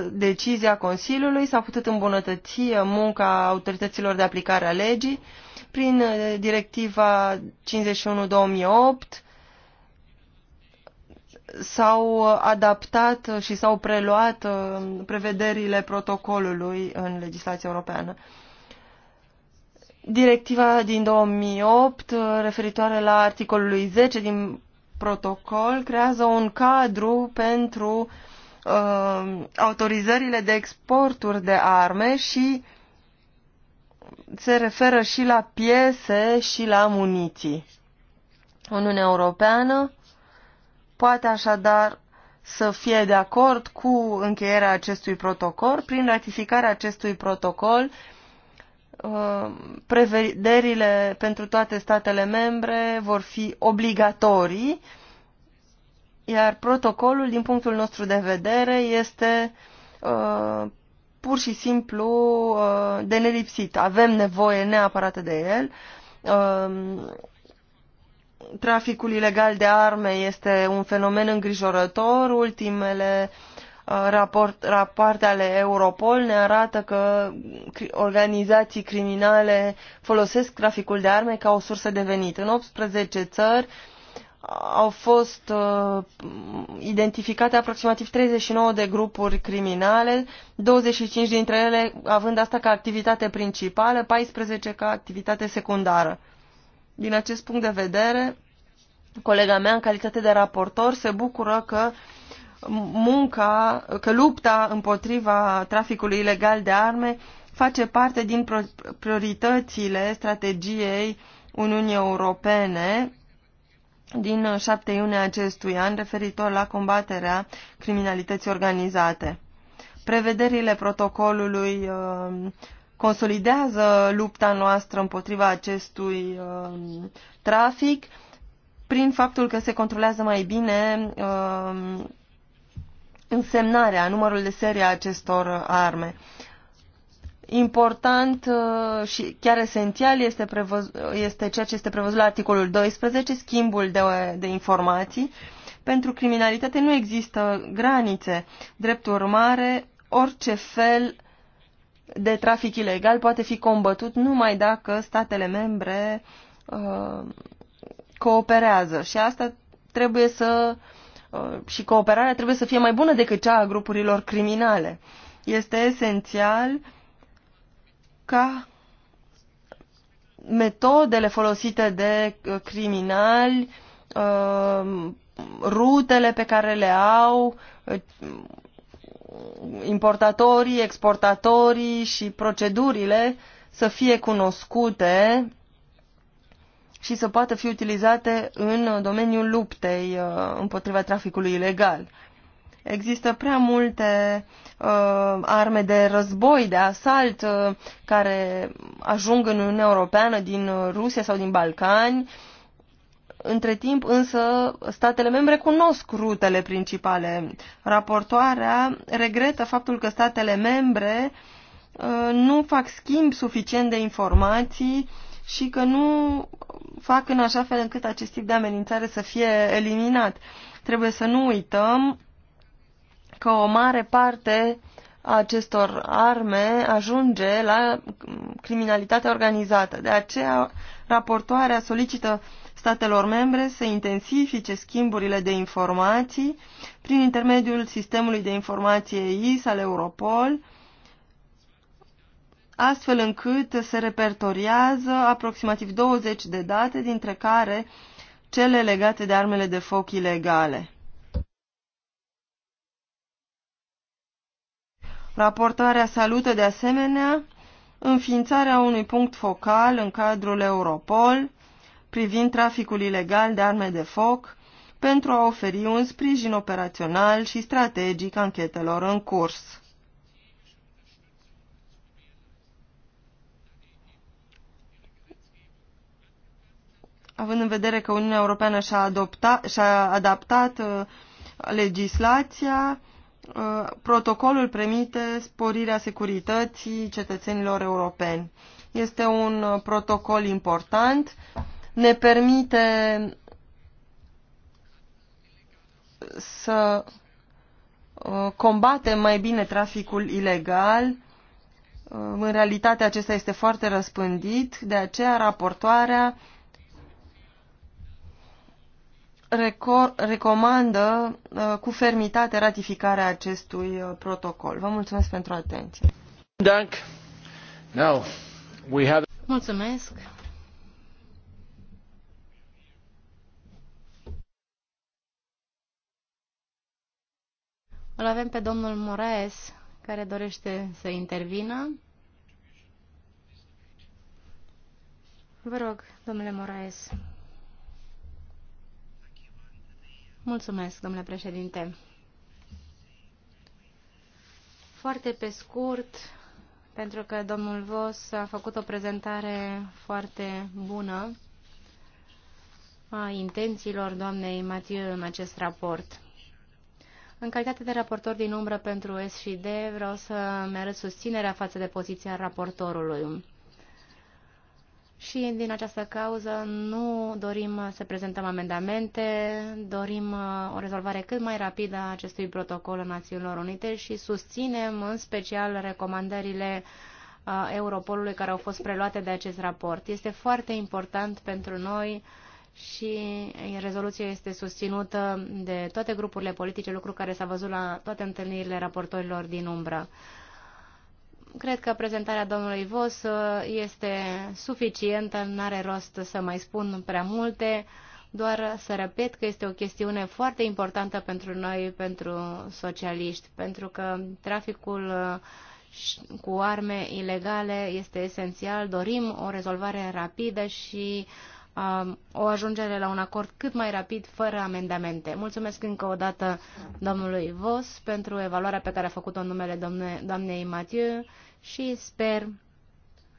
uh, decizie a Consiliului s-a putut îmbunătăți uh, munca autorităților de aplicare a legii prin uh, directiva 51-2008 s-au adaptat și s-au preluat prevederile protocolului în legislația europeană. Directiva din 2008 referitoare la articolului 10 din protocol creează un cadru pentru uh, autorizările de exporturi de arme și se referă și la piese și la muniții. Uniunea Europeană poate așadar să fie de acord cu încheierea acestui protocol prin ratificarea acestui protocol uh, Uh, prevederile pentru toate statele membre vor fi obligatorii, iar protocolul, din punctul nostru de vedere, este uh, pur și simplu uh, de nelipsit. Avem nevoie neapărat de el. Traficul ilegal de arme este un fenomen îngrijorător. Ultimele uh, Uh, raport, rapoarte ale Europol ne arată că organizații criminale folosesc traficul de arme ca o sursă de venit. În 18 țări au fost uh, identificate aproximativ 39 de grupuri criminale, 25 dintre ele având asta ca activitate principală, 14 ca activitate secundară. Din acest punct de vedere, colega mea, în calitate de raportor, se bucură că uh, munca, că lupta împotriva traficului ilegal de arme face parte din prioritățile strategiei Uniunii Europene din 7 iunie acestui an referitor la combaterea criminalității organizate. Prevederile protocolului uh, consolidează lupta noastră împotriva acestui uh, trafic prin faptul că se controlează mai bine uh, însemnarea, numărul de serie a acestor arme. Important uh, și chiar esențial este, prevăz, este ceea ce este prevăzut la articolul 12, schimbul de, de informații. Pentru criminalitate nu există granițe. Drept urmare, orice fel de trafic ilegal poate fi combătut numai dacă statele membre uh, cooperează. Și asta trebuie să uh, Uh, și cooperarea trebuie să fie mai bună decât cea a grupurilor criminale. Este esențial ca metodele folosite de uh, criminali, uh, rutele pe care le au, importatorii, exportatorii și procedurile să fie cunoscute și să poată fi utilizate în domeniul luptei uh, împotriva traficului ilegal. Există prea multe uh, arme de război, de asalt, uh, care ajung în Uniunea Europeană din Rusia sau din Balcani. Între timp, însă, statele membre cunosc rutele principale. Raportoarea regretă faptul că statele membre uh, nu fac schimb suficient de informații uh, și că nu fac în așa fel încât acest tip de amenințare să fie eliminat. Trebuie să nu uităm că o mare parte a acestor arme ajunge la criminalitatea organizată. De aceea, raportoarea solicită statelor membre să intensifice schimburile de informații prin intermediul sistemului de informație EIS al Europol, astfel încât se repertoriază aproximativ 20 de date, dintre care cele legate de armele de foc ilegale. Raportarea salută de asemenea înființarea unui punct focal în cadrul Europol privind traficul ilegal de arme de foc pentru a oferi un sprijin operațional și strategic anchetelor în curs. având în vedere că Uniunea Europeană și-a, adopta, și-a adaptat uh, legislația, uh, protocolul permite sporirea securității cetățenilor europeni. Este un uh, protocol important, ne permite să uh, combatem mai bine traficul ilegal. Uh, în realitate acesta este foarte răspândit, de aceea raportoarea recomandă uh, cu fermitate ratificarea acestui uh, protocol. Vă mulțumesc pentru atenție. Mulțumesc. Îl avem pe domnul Moraes, care dorește să intervină. Vă rog, domnule Moraes. Mulțumesc, domnule președinte. Foarte pe scurt, pentru că domnul Vos a făcut o prezentare foarte bună a intențiilor doamnei Matiu în acest raport. În calitate de raportor din umbră pentru S și D, vreau să-mi arăt susținerea față de poziția raportorului și din această cauză nu dorim să prezentăm amendamente, dorim uh, o rezolvare cât mai rapidă a acestui protocol în Națiunilor Unite și susținem în special recomandările uh, Europolului care au fost preluate de acest raport. Este foarte important pentru noi și rezoluția este susținută de toate grupurile politice, lucru care s-a văzut la toate întâlnirile raportorilor din umbră cred că prezentarea domnului Vos uh, este suficientă, nu are rost să mai spun prea multe, doar să repet că este o chestiune foarte importantă pentru noi, pentru socialiști, pentru că traficul uh, cu arme ilegale este esențial, dorim o rezolvare rapidă și uh, o ajungere la un acord cât mai rapid, fără amendamente. Mulțumesc încă o dată domnului Vos pentru evaluarea pe care a făcut-o în numele domne, doamnei Mathieu și sper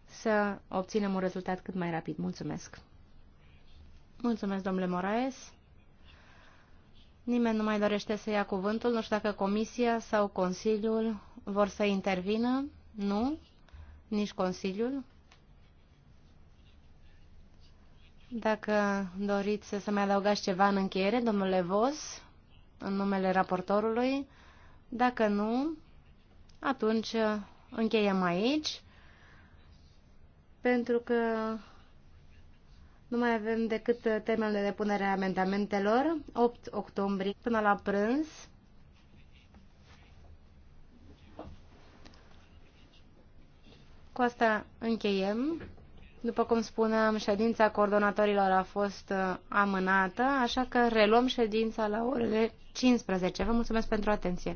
să obținem un rezultat cât mai rapid. Mulțumesc! Mulțumesc, domnule Moraes! Nimeni nu mai dorește să ia cuvântul. Nu știu dacă Comisia sau Consiliul vor să intervină. Nu? Nici Consiliul? Dacă doriți să mai adăugați ceva în încheiere, domnule Vos, în numele raportorului, dacă nu, atunci uh, încheiem aici, pentru că nu mai avem decât uh, termenul de depunere a amendamentelor, 8 octombrie până la prânz. Cu asta încheiem. După cum spuneam, ședința coordonatorilor a fost uh, amânată, așa că reluăm ședința la orele 15. Vă mulțumesc pentru atenție.